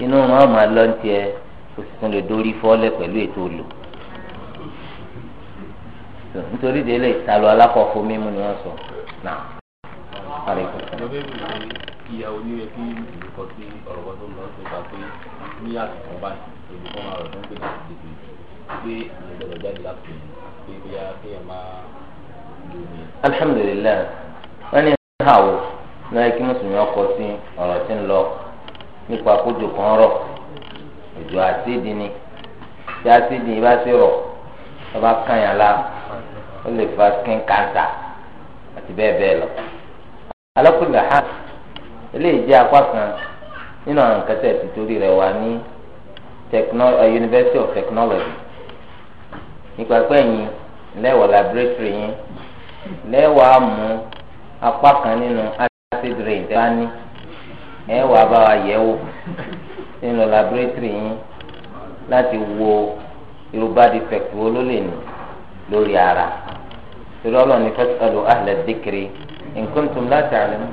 inú ọrùn àwọn máa lọ tiẹ kò sì tún lè dórí ètò òlò nítorí délé ìtàlù mímú ni sọ mo fẹ́ bí pé kí oníyẹ kí olùkọ́ sí ọ̀rọ̀ kan tó ń lọ sí ipa pé ní àsìkò báyìí olùkọ́ máa rọ̀ tó ń pè ní alhamdulilayi wọn ní ìhàwó náà kí mùsùlùmí ọkọ sí ọ̀rọ̀ tí ń lọ nípa kójú kan rọ̀ òjò àtìdì ni tí àtìdì bá ti rọ̀ ọba kàn yàn la ó lè fa skin cancer àti bẹ́ẹ̀ bẹ́ẹ̀ lọ. alákùnrin ha eléyìí jẹ́ apá kan nínú àwọn nǹkan ti torí rẹ̀ eh, University of Technology nípa pé ẹ̀yin lẹ́wọ̀ laboratory yín lẹ́wọ̀ á kan nínú acid rain tẹ́ bá ní ẹ̀wọ̀ á yẹ̀ wò nínú laboratory yín láti wo irú defect wo ló ara torí ọlọ́run ní fẹ́ sọ́dọ̀ ahlẹ̀ dìkìrì. nkuntum láti àlẹmú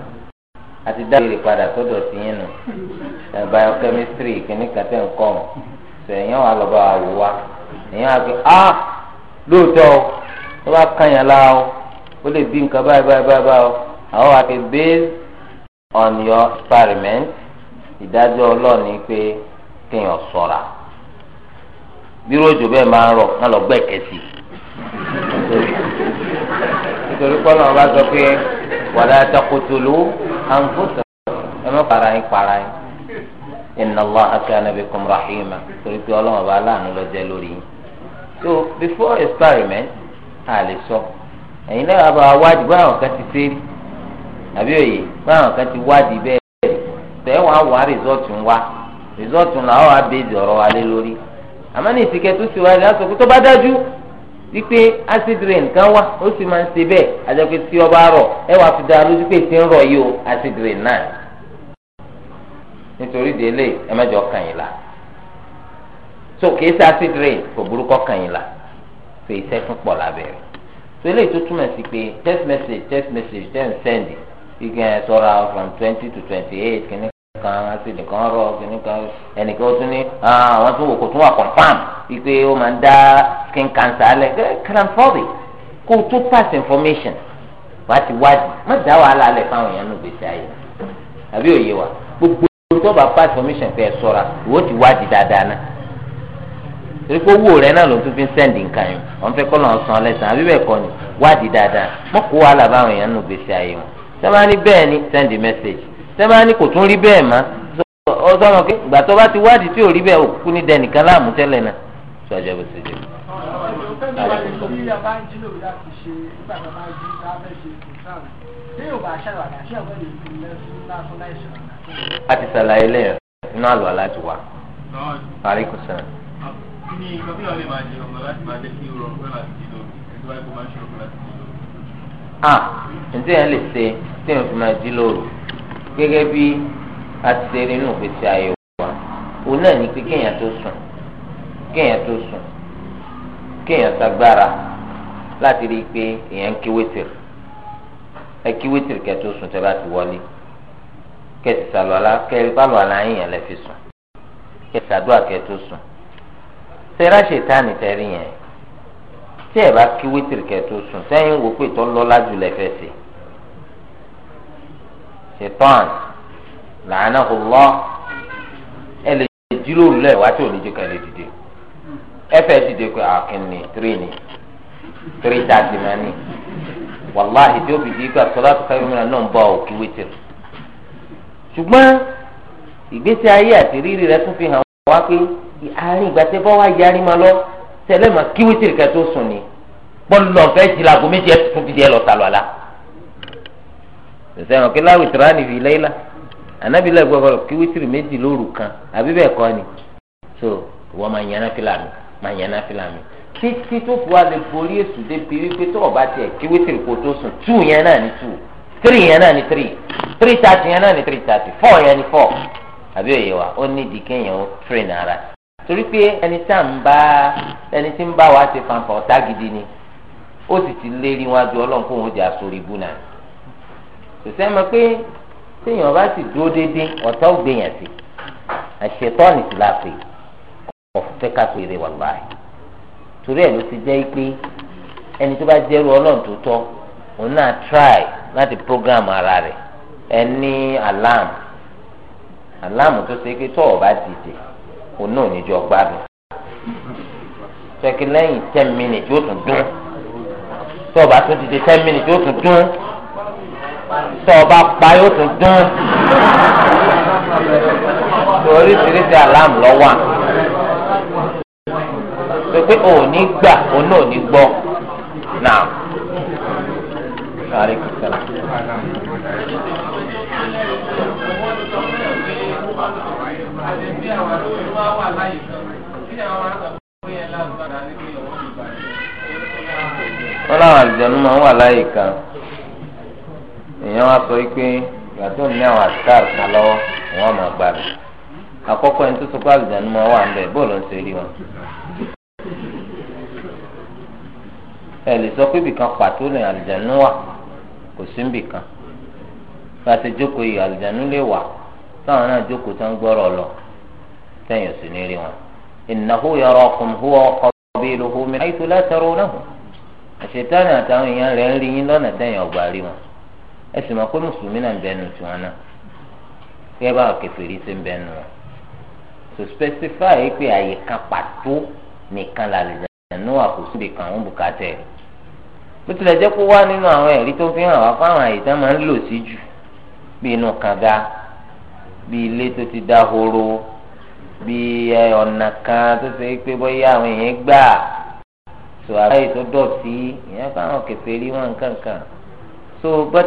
àti dá ìbéèrè padà sọ́dọ̀ sí yín nù biochemistry kìíní kàtẹ nǹkan sọ èèyàn wà lọba àwò wa èèyàn àgbẹ a ah, lóòótọ́ o tó bá kànyàn la o ó lè bí nǹkan báyìí báyìí báyìí báyìí o àwọn àti based on your experiment ìdájọ́ ọlọ́ọ̀ni pé kéèyàn sọ̀ra bí ròjò bẹ́ẹ̀ máa ń rọ̀ má nítorí pọ́nà ọba sọ pé wàlá takùtùlù àǹfọ̀sọ̀ ẹ má para yín para yín inna allah kana bikum rahima torí pé ọba aláàánú so before experiment a lè sọ ẹ̀yin náà wàá bá wa wádìí kan ti ṣe rí àbí òye kan ti wádìí bẹ́ẹ̀ tẹ́ wàá wá rìsọ́ọ̀tù ń wá rìsọ́ọ̀tù làwọn wá bèèdì ọ̀rọ̀ wa lé lórí àmọ́ ní tó ti wípé acid rain kan wá ó sì máa ń ṣe bẹ́ẹ̀ àjẹpẹ́ tí ọba rọ̀ ẹ wàá fi dáa lójú pé tí ń rọ̀ yìí o acid rain náà nítorí délé ẹ mẹ́jọ kàn yín la so kìí ṣe acid rain kò burúkọ kàn yín la pé iṣẹ́ tún pọ̀ lábẹ́rẹ́ so eléyìí tó túmọ̀ sí pé text message test message ten send igi ẹ̀ sọ́ra from twenty to twenty eight kìíní kan acid kan rọ kìnnì kan ẹnìkan ó tún ní ah, àwọn tó wò kó tún wà confam wípé ó máa ń dá skin cancer lẹ kẹrànfọ́ọ̀bì kó o tó pass information wà á ti wádìí má dá wàhálà lẹ fáwọn èèyàn nù gbèsè ayé àbí òye wa gbogbo tó pass information fẹ́ sọ́ra ìwọ ti wádìí dáadáa náà torí pé owó rẹ náà ló tún fi ń sẹ́ndì nǹkan yìí wọ́n fẹ́ kọ́ lọ́n san lẹ́sàn-án àbí bẹ́ẹ̀ kọ́ ni wádìí dáadáa mọ́kò wàhálà báwọn èèyàn nù gbèsè ayé wọn sábà ní bẹ́ẹ̀ ni send the message tẹ́lẹ̀ ní kò tún rí bẹ́ẹ̀ mọ́ ọ sọmọ pé ìgbà tó bá ti wádìí tí ò rí bẹ́ẹ̀ òkú ní dẹnìkan láàmú tẹ́lẹ̀ náà tó a jẹ́ bó ṣe jẹ́. a ti sàlàyé lẹ́yìn inú àlọ́ aláti wá. parí kò sàn. kí ǹjẹ́ yẹn lè ṣe tí èèyàn fi máa jí lóru gẹ́gẹ́ bí àtẹ̀rẹ́ nù pèsè àyẹ̀wò wa òun náà ní pé kéèyàn tó sùn kéèyàn tó sùn kéèyàn sagbára láti rí i pé èèyàn ń kí wétìrì ẹ kí wétìrì kẹ́ tó sùn tẹ́ bá ti wọlé kẹ́sì sàlù àlá kẹ́rì pálù àlá yìnyín lẹ́ fi sùn kẹ́sì àdúrà kẹ́ tó sùn sẹ́rà ṣètánì tẹ́rì yẹn tí ẹ bá kí wétìrì tó sùn sẹ́yìn wò pé tó lọ́lá jù lẹ́fẹ̀ẹ́ sí i ṣetán làánà ọlọ ẹ lè jíròrò lẹ wá tí ò ní jẹ ká lè dìde ẹ fẹ́ dìde pé àkínní ah, tírì ni tírì tààtì máa ní wàláhì tí ó fi di ikú àtọ́lá tó káyọ̀ mìíràn náà ń bọ̀ òkè wétìrì ṣùgbọ́n ìgbésí ayé àti rírì rẹ tún fi hàn wá pé àárín ìgbà tẹ́ bọ́ wá yarí máa lọ tẹ́lẹ̀ máa kí wétìrì kẹ́ tó sùn ni bọ́ọ̀lù lọ́ọ̀fẹ́ jìlá ago méjì tó fi di ẹ lọ sẹ́wọ̀n kí láwùjọ rà ní ìfìlẹ́ ìlà ànábì lẹ́gbẹ́ ọ̀rọ̀ kí wítìrì méjì lóru kan àbí bẹ́ẹ̀ kọ́ ni so wọ́n máa yànnà filami, mi máa yànnà fìlà mi títí tó fi wá lè borí èsù débi wípé tó ọba tiẹ̀ kí wítìrì kò tó sùn two yẹn náà ni two three yẹn náà ni three three thirty yẹn náà ni three thirty four yẹn ni four àbí òye wa ó ní ìdí kéèyàn ó train ara torí pé ẹni tá à bá ẹni tí ń bá wa ṣe fanfa ọ̀tá gidi ni ó sì ti lérí wọn ju ọlọ́run kóun ó di asorí ibú náà sòsẹ́ mọ̀ pé téèyàn bá sì dúró déédéé ọ̀tá ò gbèyàn sí àṣetọ́ọ̀nì sì la fè ọ̀fẹ́ ká péré wà láàyè torí ẹ̀ ló ti jẹ́ pé ẹni tó bá jẹ́rú ọlọ́run tó tọ́ òun náà try láti program ara rẹ̀ ẹ ní alarm alarm tó ṣe pé tọ́ọ̀ bá dìde òun náà níjọ gbádùn tọ́kí lẹ́yìn ten minutes yóò tún dún tọ́ọ̀ bá tún dìde ten minutes yóò tún dún. tọ́ ọ pa yóò tún dán oríṣiríṣi alam lọ wà o gbà o náà gbọ́ náà. wọ́n láwọn ń wà láyé kan. èèyàn wá sọ pé ìgbàtí òun ní àwọn àṣìkàr kan lọ́wọ́ wọn máa gbà bẹ̀ àkọ́kọ́ ẹni tó sọ pé wà ń bẹ̀ ń ṣe wọn. ẹ lè sọ pé kò sí ibìkan bá a ti jókòó yìí àlùjánu lè wà táwọn náà jókòó tó gbọ́rọ̀ lọ ní rí wọn. àtàwọn èèyàn ń rí yín lọ́nà ẹ sì mọ̀ pé mùsùlùmí náà ń bẹnu tiwọn náà kẹ́ bá kèfèrí ṣe ń bẹnu wọn so specify pé àyè kan pàtó nìkan làlùjánu àkóṣùbì kan ń bùkátà ẹ̀ bó tilẹ̀ jẹ́ kó wá nínú àwọn ẹ̀rí tó fi hàn wá fáwọn àyè tán máa ń lò sí jù bí inú kànga bí ilé tó ti dá horo bí ọ̀nà kan tó ṣe pé bóyá àwọn èèyàn gbà so àbáyé tó dọ̀tí ìyẹn fáwọn kèfèrí wọn kankan so but.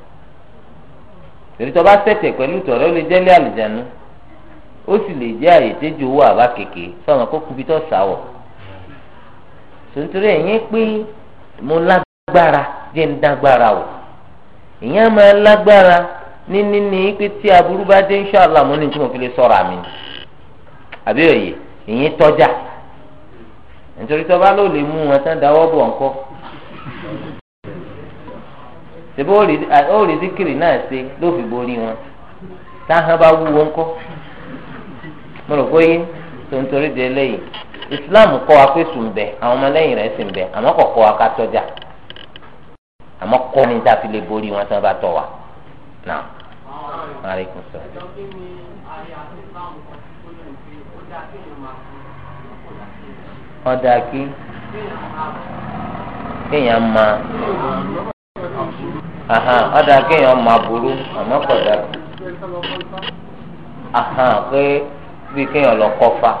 torí tó bá tẹ̀tẹ̀ pẹ̀lú tọ̀rẹ́ ó lè jẹ́ lé àlùjánu ó sì lè jẹ́ àyè tẹ́jú owó àbá kéke sọ̀rọ̀ kó kubi tó sàwọ̀ sòtúrú ẹ̀yìn pé mo lágbára jẹ́ ń dágbára o ìyẹn máa lágbára níní ní pé tí aburú bá dé inṣàlá mo ní tí mo fi lè sọ̀rọ̀ àmì àbí òye ìyẹn tọ́jà nítorí tó bá lò lè mú wọn tán dáwọ́ ṣebí o rí zikiri náà ṣe ló fi borí wọn táhàn bá wúwo ńkọ́ mo rò bóyá tó ń eléyìí islam kọ́ wa pé sùn bẹ̀ àwọn ọmọlẹ́yìn rẹ̀ sì ń bẹ̀ àmọ́ kọ̀ kọ́ wa ká tọ́jà àmọ́ kọ́ ni tá a fi lè borí wọn tí wọ́n bá ọ̀dà kéèyàn máa burú àmọ́ kò dára pé bí kéèyàn lọ kọ́fà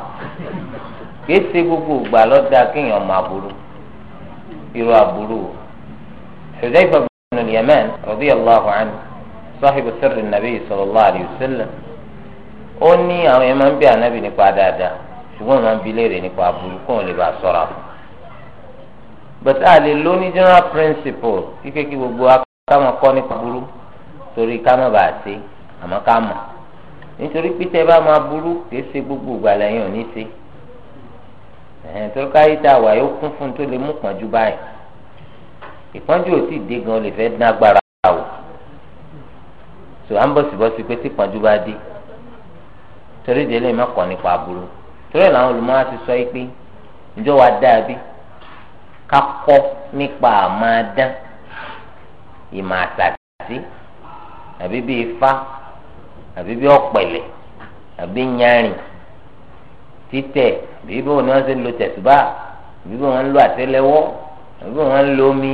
kìí ṣe gbogbo ìgbà lọ́dà kéèyàn máa burú irú àbúrò Hudhayfa ibn al-Yaman radiyallahu anhu sahibu sirri nabi sallallahu alayhi wa sallam ó ní àwọn yẹn máa ń bí ànábì nípa dáadáa ṣùgbọ́n máa ń bi léèrè nípa àbúrò kóun lè bá a sọ̀rọ̀ àbúrò but a lè general principle kíkẹ́ kí gbogbo káwọn kọ́ nípa burú torí ká má bàa ṣe àmọ́ ká mọ̀ nítorí pété bá máa burú kìí ṣe gbogbo ìgbà lẹ́yìn òní ṣe ẹ̀hìn tó káyé tá a wà yóò kún fún tó lè mú pọ́njú báyìí ìpọ́njú ò tí ì dé gan lè fẹ́ dín agbára wò tò à ń bọ̀ pé tí pọ́njú bá dé torí ìdílé má nípa aburú torí làwọn olùmọ̀ á ti sọ yìí pé ǹjọ́ wa dáa bí ká nípa àmọ́ adán ìmọ̀ àtàtì àbí bí ifá àbí bí ọ̀pẹ̀lẹ̀ àbí nyarin títẹ̀ àbí bí wọn ni wọn ṣe ń lo tẹ̀sùbá àbí bí wọn ń lo àtẹ́lẹwọ́ àbí bí wọn ń lo omi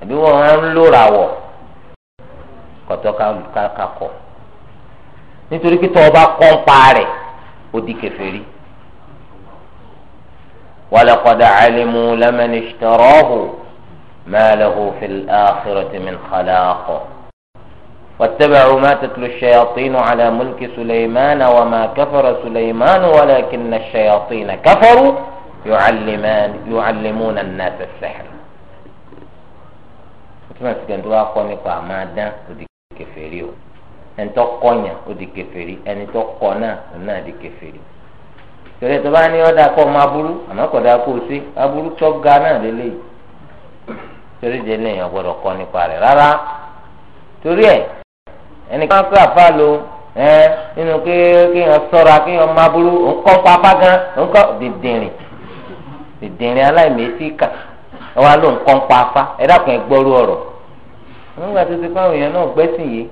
àbí wọn lo ràwọ̀ kọ̀tọ́ kakọ̀ nítorí pé tó bá kọ́ ń pa rẹ̀ ó di kèfèrí. ولقد علموا لمن اشتراه ما له في الآخرة من خلاق واتبعوا ما تتلو الشياطين على ملك سليمان وما كفر سليمان ولكن الشياطين كفروا يعلمان يعلمون الناس السحر tọ́gà náà lélẹ́yìí. torí de lè yàn gbọ́dọ̀ nípa rẹ̀ rárá torí ẹ̀ ẹnìkan kó àfa lo ẹ nínú kí yàn kí yàn má burú nǹkan pápá gan nǹkan dìndìnrín dìndìnrín aláìmẹsì kà ẹ wá ló nǹkan pápá ẹ dákun ẹ gbọ́rú ọ̀rọ̀ nígbà tó ti èèyàn náà gbẹ́sìn yìí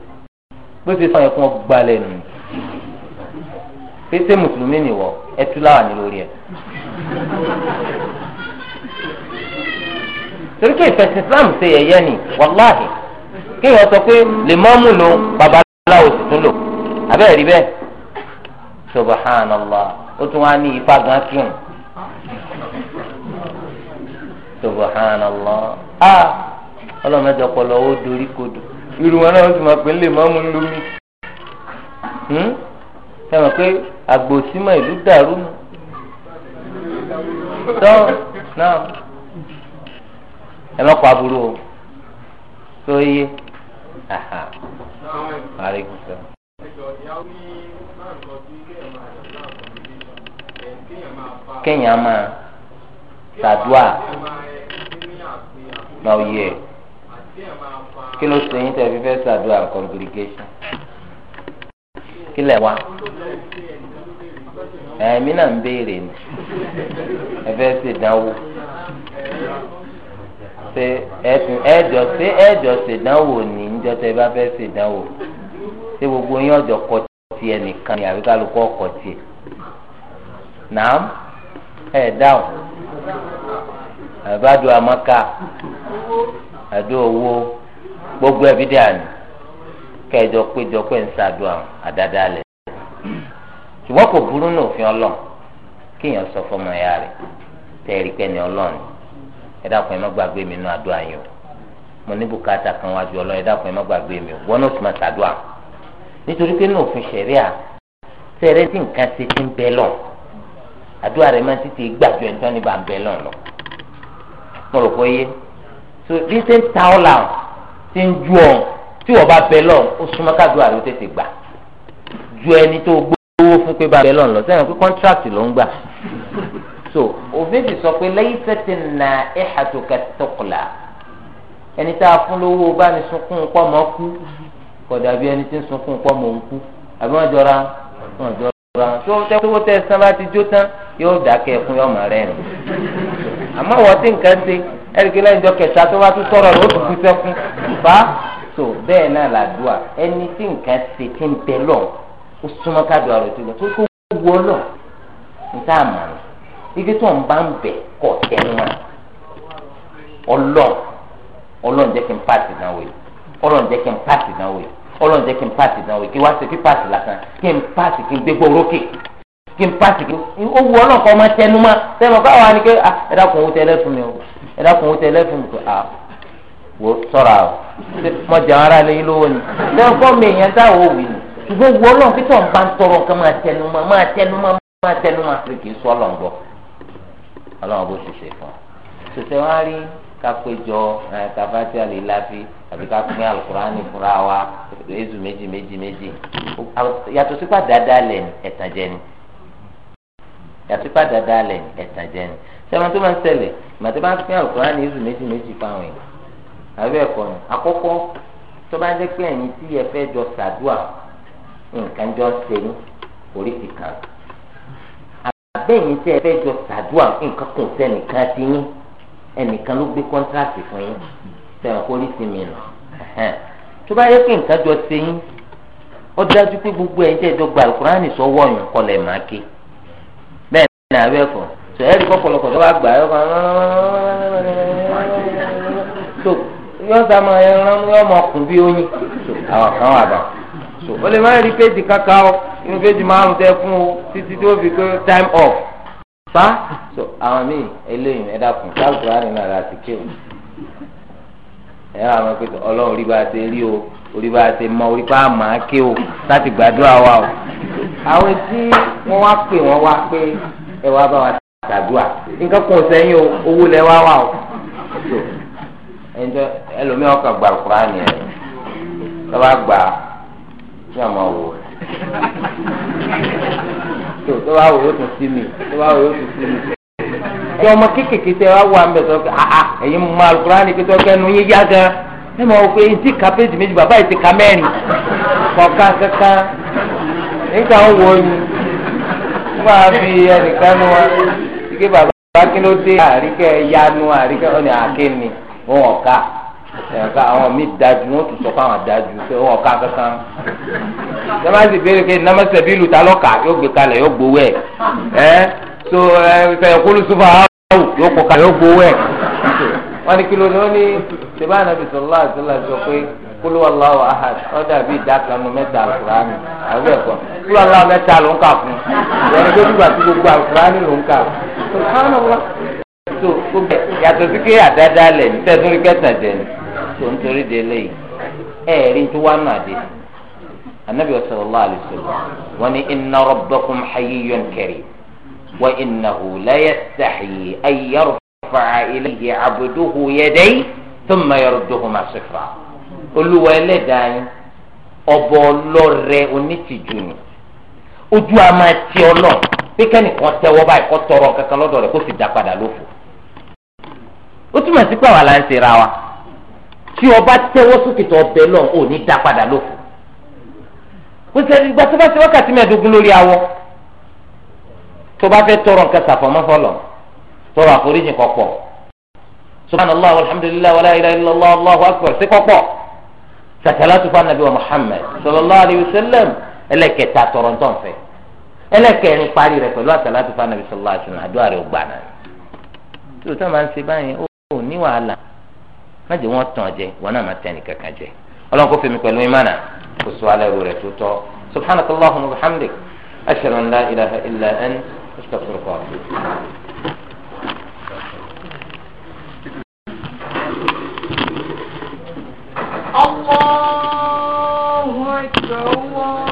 pé ẹ. torí pé ìfẹsẹ̀ islam ṣe yẹ̀yẹ́ ni wàláhì kéèyàn sọ pé lè má mú lo babaláwo sì tún lò abẹ́rẹ́ rí bẹ́ẹ̀ subhanallah ó tún wá ní ifá gan kíun subhanallah ah ọlọ́mọdé ọpọlọ ó dorí kodò irun wọn náà sì máa pè é lè má mú lómi hmm? ẹ mọ̀ pé àgbòsímọ̀ ìlú dàrú mu tán náà ẹlọ́kọ̀ aburú o tó yé àríkù sọ. kéèyàn máa ṣàdúà náà yẹ kí ló ṣe yín tẹ̀sí fẹ́ ṣàdúà congregation kí lẹ̀ wá ẹ̀mí náà ń béèrè ni ẹ fẹ́ ṣèdánwò. ṣe ẹtù ẹjọ ṣe ẹjọ ṣèdánwò ní níjọ tẹ bá fẹ́ ṣèdánwò ṣé gbogbo yín ọjọ́ kọ tiẹ̀ nìkan ni àbí kálukú ọkọ tiẹ̀ nàám ẹ dáhùn àbádùn àmọká àdó owó gbogbo ẹbí dà ní kẹjọ péjọ pé ń ṣàdùn àwọn àdáda lẹ ṣùgbọ́n kò burú ní òfin Ọlọ́run kéèyàn sọ fọmọ ẹ̀yà rẹ̀ tẹ̀rí pẹ́ ní Ọlọ́run. ẹ dákun ẹ má gbàgbé mi nínú àdúrà yín o mo ní bùkátà kan wájú ọlọ́run ẹ dákun ẹ má gbàgbé mi o wọn náà sì máa ṣàdúrà nítorí pé náà òfin ṣẹ̀ríà tẹ̀rẹ́ tí nǹkan ṣe ti ń bẹ lọ àdúrà rẹ máa ń tètè gbàjọ ẹ̀ńtọ́ ní bá ń bẹ lọ lọ mo rò pé yé so recent town land ti ń ju ọ̀n tí wọ́n bá bẹ lọ ó súnmọ́ kádùá rẹ ó tètè gbà ju ẹni tó gbówó fún pé bá bẹ lọ lọ so òfin ti sọ pé lẹ́yìn tẹ́tí na ìhàtò kẹtọkùlà ẹni tá a fún lówó bá mi sunkún pọ́ mọ́ kú kọ̀dà bí ẹni tí ń sunkún pọ́ mọ́ ń kú àbí wọ́n jọra wọ́n jọra tó tẹ́wọ́ tẹ́ san bá ti jó tán yóò dákẹ́ fún yọmọ rẹ̀ nù àmọ́ wọ́n ti nǹkan ṣe ẹ̀ríkì lẹ́yìn jọ kẹta tó bá tún sọ̀rọ̀ ló tún kú sẹ́kún bá so bẹ́ẹ̀ náà làdúà ẹni tí nǹkan ṣe ti ń bẹ lọ ó súnmọ́ ká do àròjù lọ tó kó wọ́ lọ níta àmàlà igi tó ń bá ń bẹ̀ kọ̀ tẹnumọ́ ọlọ́ọ̀ ọlọ́ọ̀ jẹ́ kí n pàṣẹ náà wẹ̀ ọlọ́ọ̀ jẹ́ kí n pàṣẹ náà wẹ̀ ọlọ́ọ̀ jẹ́ kí n pàṣẹ náà wẹ̀ kí wá sí kí pàṣẹ lásán kí n pàṣẹ kí n gbégbó orókè kí n pàṣẹ kí n ó wu ọlọ́ọ̀ kọ́ ọmọ tẹnumọ́ sẹ́wọ̀n káwọn á ní kí ẹ dákun owó tẹ́lẹ̀ fún mi o ẹ dákun owó tẹ́lẹ̀ fún mi o à wò sọ̀rọ̀ àwọ̀ mọ̀jà ara lẹ́yìn lówó ni lẹ́yìn fọ́ mi èèyàn dáwọ́ òwì ni ṣùgbọ́n wu ọlọ́ọ̀ kí tó ń bá ń tọrọ nǹkan máa tẹnumọ́ máa máa tẹnumọ́ àti kì í sọ ọlọ́run bó ṣe ṣe fún ọ. ṣùṣe wọn rí kápéjọ kábàtì àlèláfi àbí kápẹ́ alukurani fúnra wa èzù méjì méjì méjì yàtọ̀ sípà dáadáa lẹ̀ ẹ̀tàn jẹ ni yàtọ̀ sípà dáadáa lẹ̀ ẹ̀tàn jẹ ni sẹ́wọ́n tó máa ń ṣẹlẹ̀ màtí bá ń pín alukurani èzù méjì méjì fáwọn èèyàn àbí ẹ̀kọ́ ni àkọ́kọ́ tó bá jẹ́ pé ẹ̀yin tí ẹ fẹ́ jọ ṣàdúà nǹkan jọ ṣe ní orí kíkan abẹ́yìn tẹ́ ẹ fẹ́ jọ ṣàdúrà nǹkan kan sẹ́nìkan ti yín ẹnìkan ló gbé kọ́ńtíráàtì fún yín sẹ́wọ̀n kórì sí mi nù tó bá yẹ kí nǹkan jọ ṣe yín ó dájú pé gbogbo ẹ̀yin tẹ́ ẹ jọ gba alukurani sọ́wọ́ kọlẹ̀ máa ké bẹ́ẹ̀ ni àwẹ̀ fún sọ ẹ̀rí kọ́kọ́lọ́kọ́ tó bá gbà yọ kan so yọ sá máa yọ ọmọkùnrin bí oyin so àwọn kan inú péjì márùn tẹ fún o títí tí ó fi pé time off fa so àwọn míì eléyìí ẹ dákun sáàkùrá nínú ara ti kéwù ẹ wà máa pé ọlọ́run orí bá a ṣe rí o orí bá a ṣe mọ orí bá a máa ké o láti gbàdúrà wa o àwọn tí wọ́n wá pè wọ́n wá pé ẹ wá bá wa gbàdúrà nǹkan kan sẹ́yìn o owó lẹ wá wà o ẹnjọ ẹlòmíràn kan gbà kúránì ẹ gbà kí wọ́n máa wò ó. tó tó bá wò ó sí mi tó bá sí mi. ọmọ kéékèèké tẹ wá wọ àmì ẹ̀sọ́ pé àà ẹ̀yin mọ alukóra ni pé tó kẹ́ nu yín yá gan ẹ máa ka péjì ka kankan ń ni máa fi ẹnìkan nu wa ike bàbá dé yanu ẹ̀ka àwọn mi dájú wọn tún sọ fún àwọn dájú pé wọn ọ̀ka kankan sẹ́wáǹsì béèrè pé nàmẹ́sẹ̀ bílù ta lọ́kà yóò gbé kalẹ̀ yóò gbowó ẹ̀ ẹ́ so ẹ fẹ́ kúlù sùfà áwù yóò kọ kalẹ̀ yóò gbowó ẹ̀ wọ́n ní kílódé wọ́n ní sèbá ànábì sọ̀rọ̀ láti sọ̀rọ̀ sọ pé kúlù Allahu ahad wọ́n dàbí ìdákanu mẹ́ta àlùkùránì àbí ẹ̀kọ́ kúlù Allahu mẹ́ta ló ń kà fún ìyẹn tó dùgbà tí gbogbo àlùkùránì ló ń kà fún. so gbogbo yàtọ̀ sí pé àdáadáa lẹ̀ ní tẹ̀sán rí kẹsàn-án jẹ ni tó ń torí de lé ẹ̀ẹ́rì tó wá náà dé anabi sallallahu alaihi wasallam wọn ni inna rabbakum hayyun karim wa innahu la yastahyi an yarfa'a ilayhi abduhu yadayhi thumma yarudduhuma sifra olúwa ẹlẹ́dàá yín ọ̀bọ ọlọ́rẹ̀ onítìjú ni ojú a máa ti ọlọ́ọ̀ pé kẹ́nìkan tẹ́wọ́ báyìí kó tọrọ kankan lọ́dọ̀ rẹ̀ kó sì dá padà lófo ó túmọ̀ sí pé àwa là ń ṣe ra wa tí ọba tẹ́wọ́ sókè tó ọbẹ̀ náà ò ní dá padà lófo kò sẹ́ni ìgbà tó bá ti wákàtí mẹ́ẹ̀ẹ́dógún lórí awọ tó bá fẹ́ tọrọ nǹkan sàfọ̀mọ́ fọlọ̀ tọrọ àforíjì kọ̀pọ̀ subhanallah alhamdulilayi wàlá ilaha illallah allahu akbar sí kọ̀pọ̀ sàkàlátù fún anabi wa muhammed sallallahu alayhi wa sallam ẹlẹ́kẹta tọrọ ntọ́nfẹ́ ẹlẹ́kẹrin parí rẹ̀ pẹ̀lú àsàlátù fún anabi sallallahu alayhi wa sallam àdúrà rẹ̀ ó gbà náà tó tó máa ń ṣe báyìí ó ní wàhálà má jẹ́ wọ́n tàn jẹ wọn náà má tẹ́ nìkan kan jẹ ọlọ́run kò fẹ́mi pẹ̀lú ìmánà kò sọ alẹ́ ro rẹ̀ tó tọ́ subhanahu wa bihamdik ashhadu an la ilaha illa ant astaghfiruka wa atubu ilayk. الله أكبر الله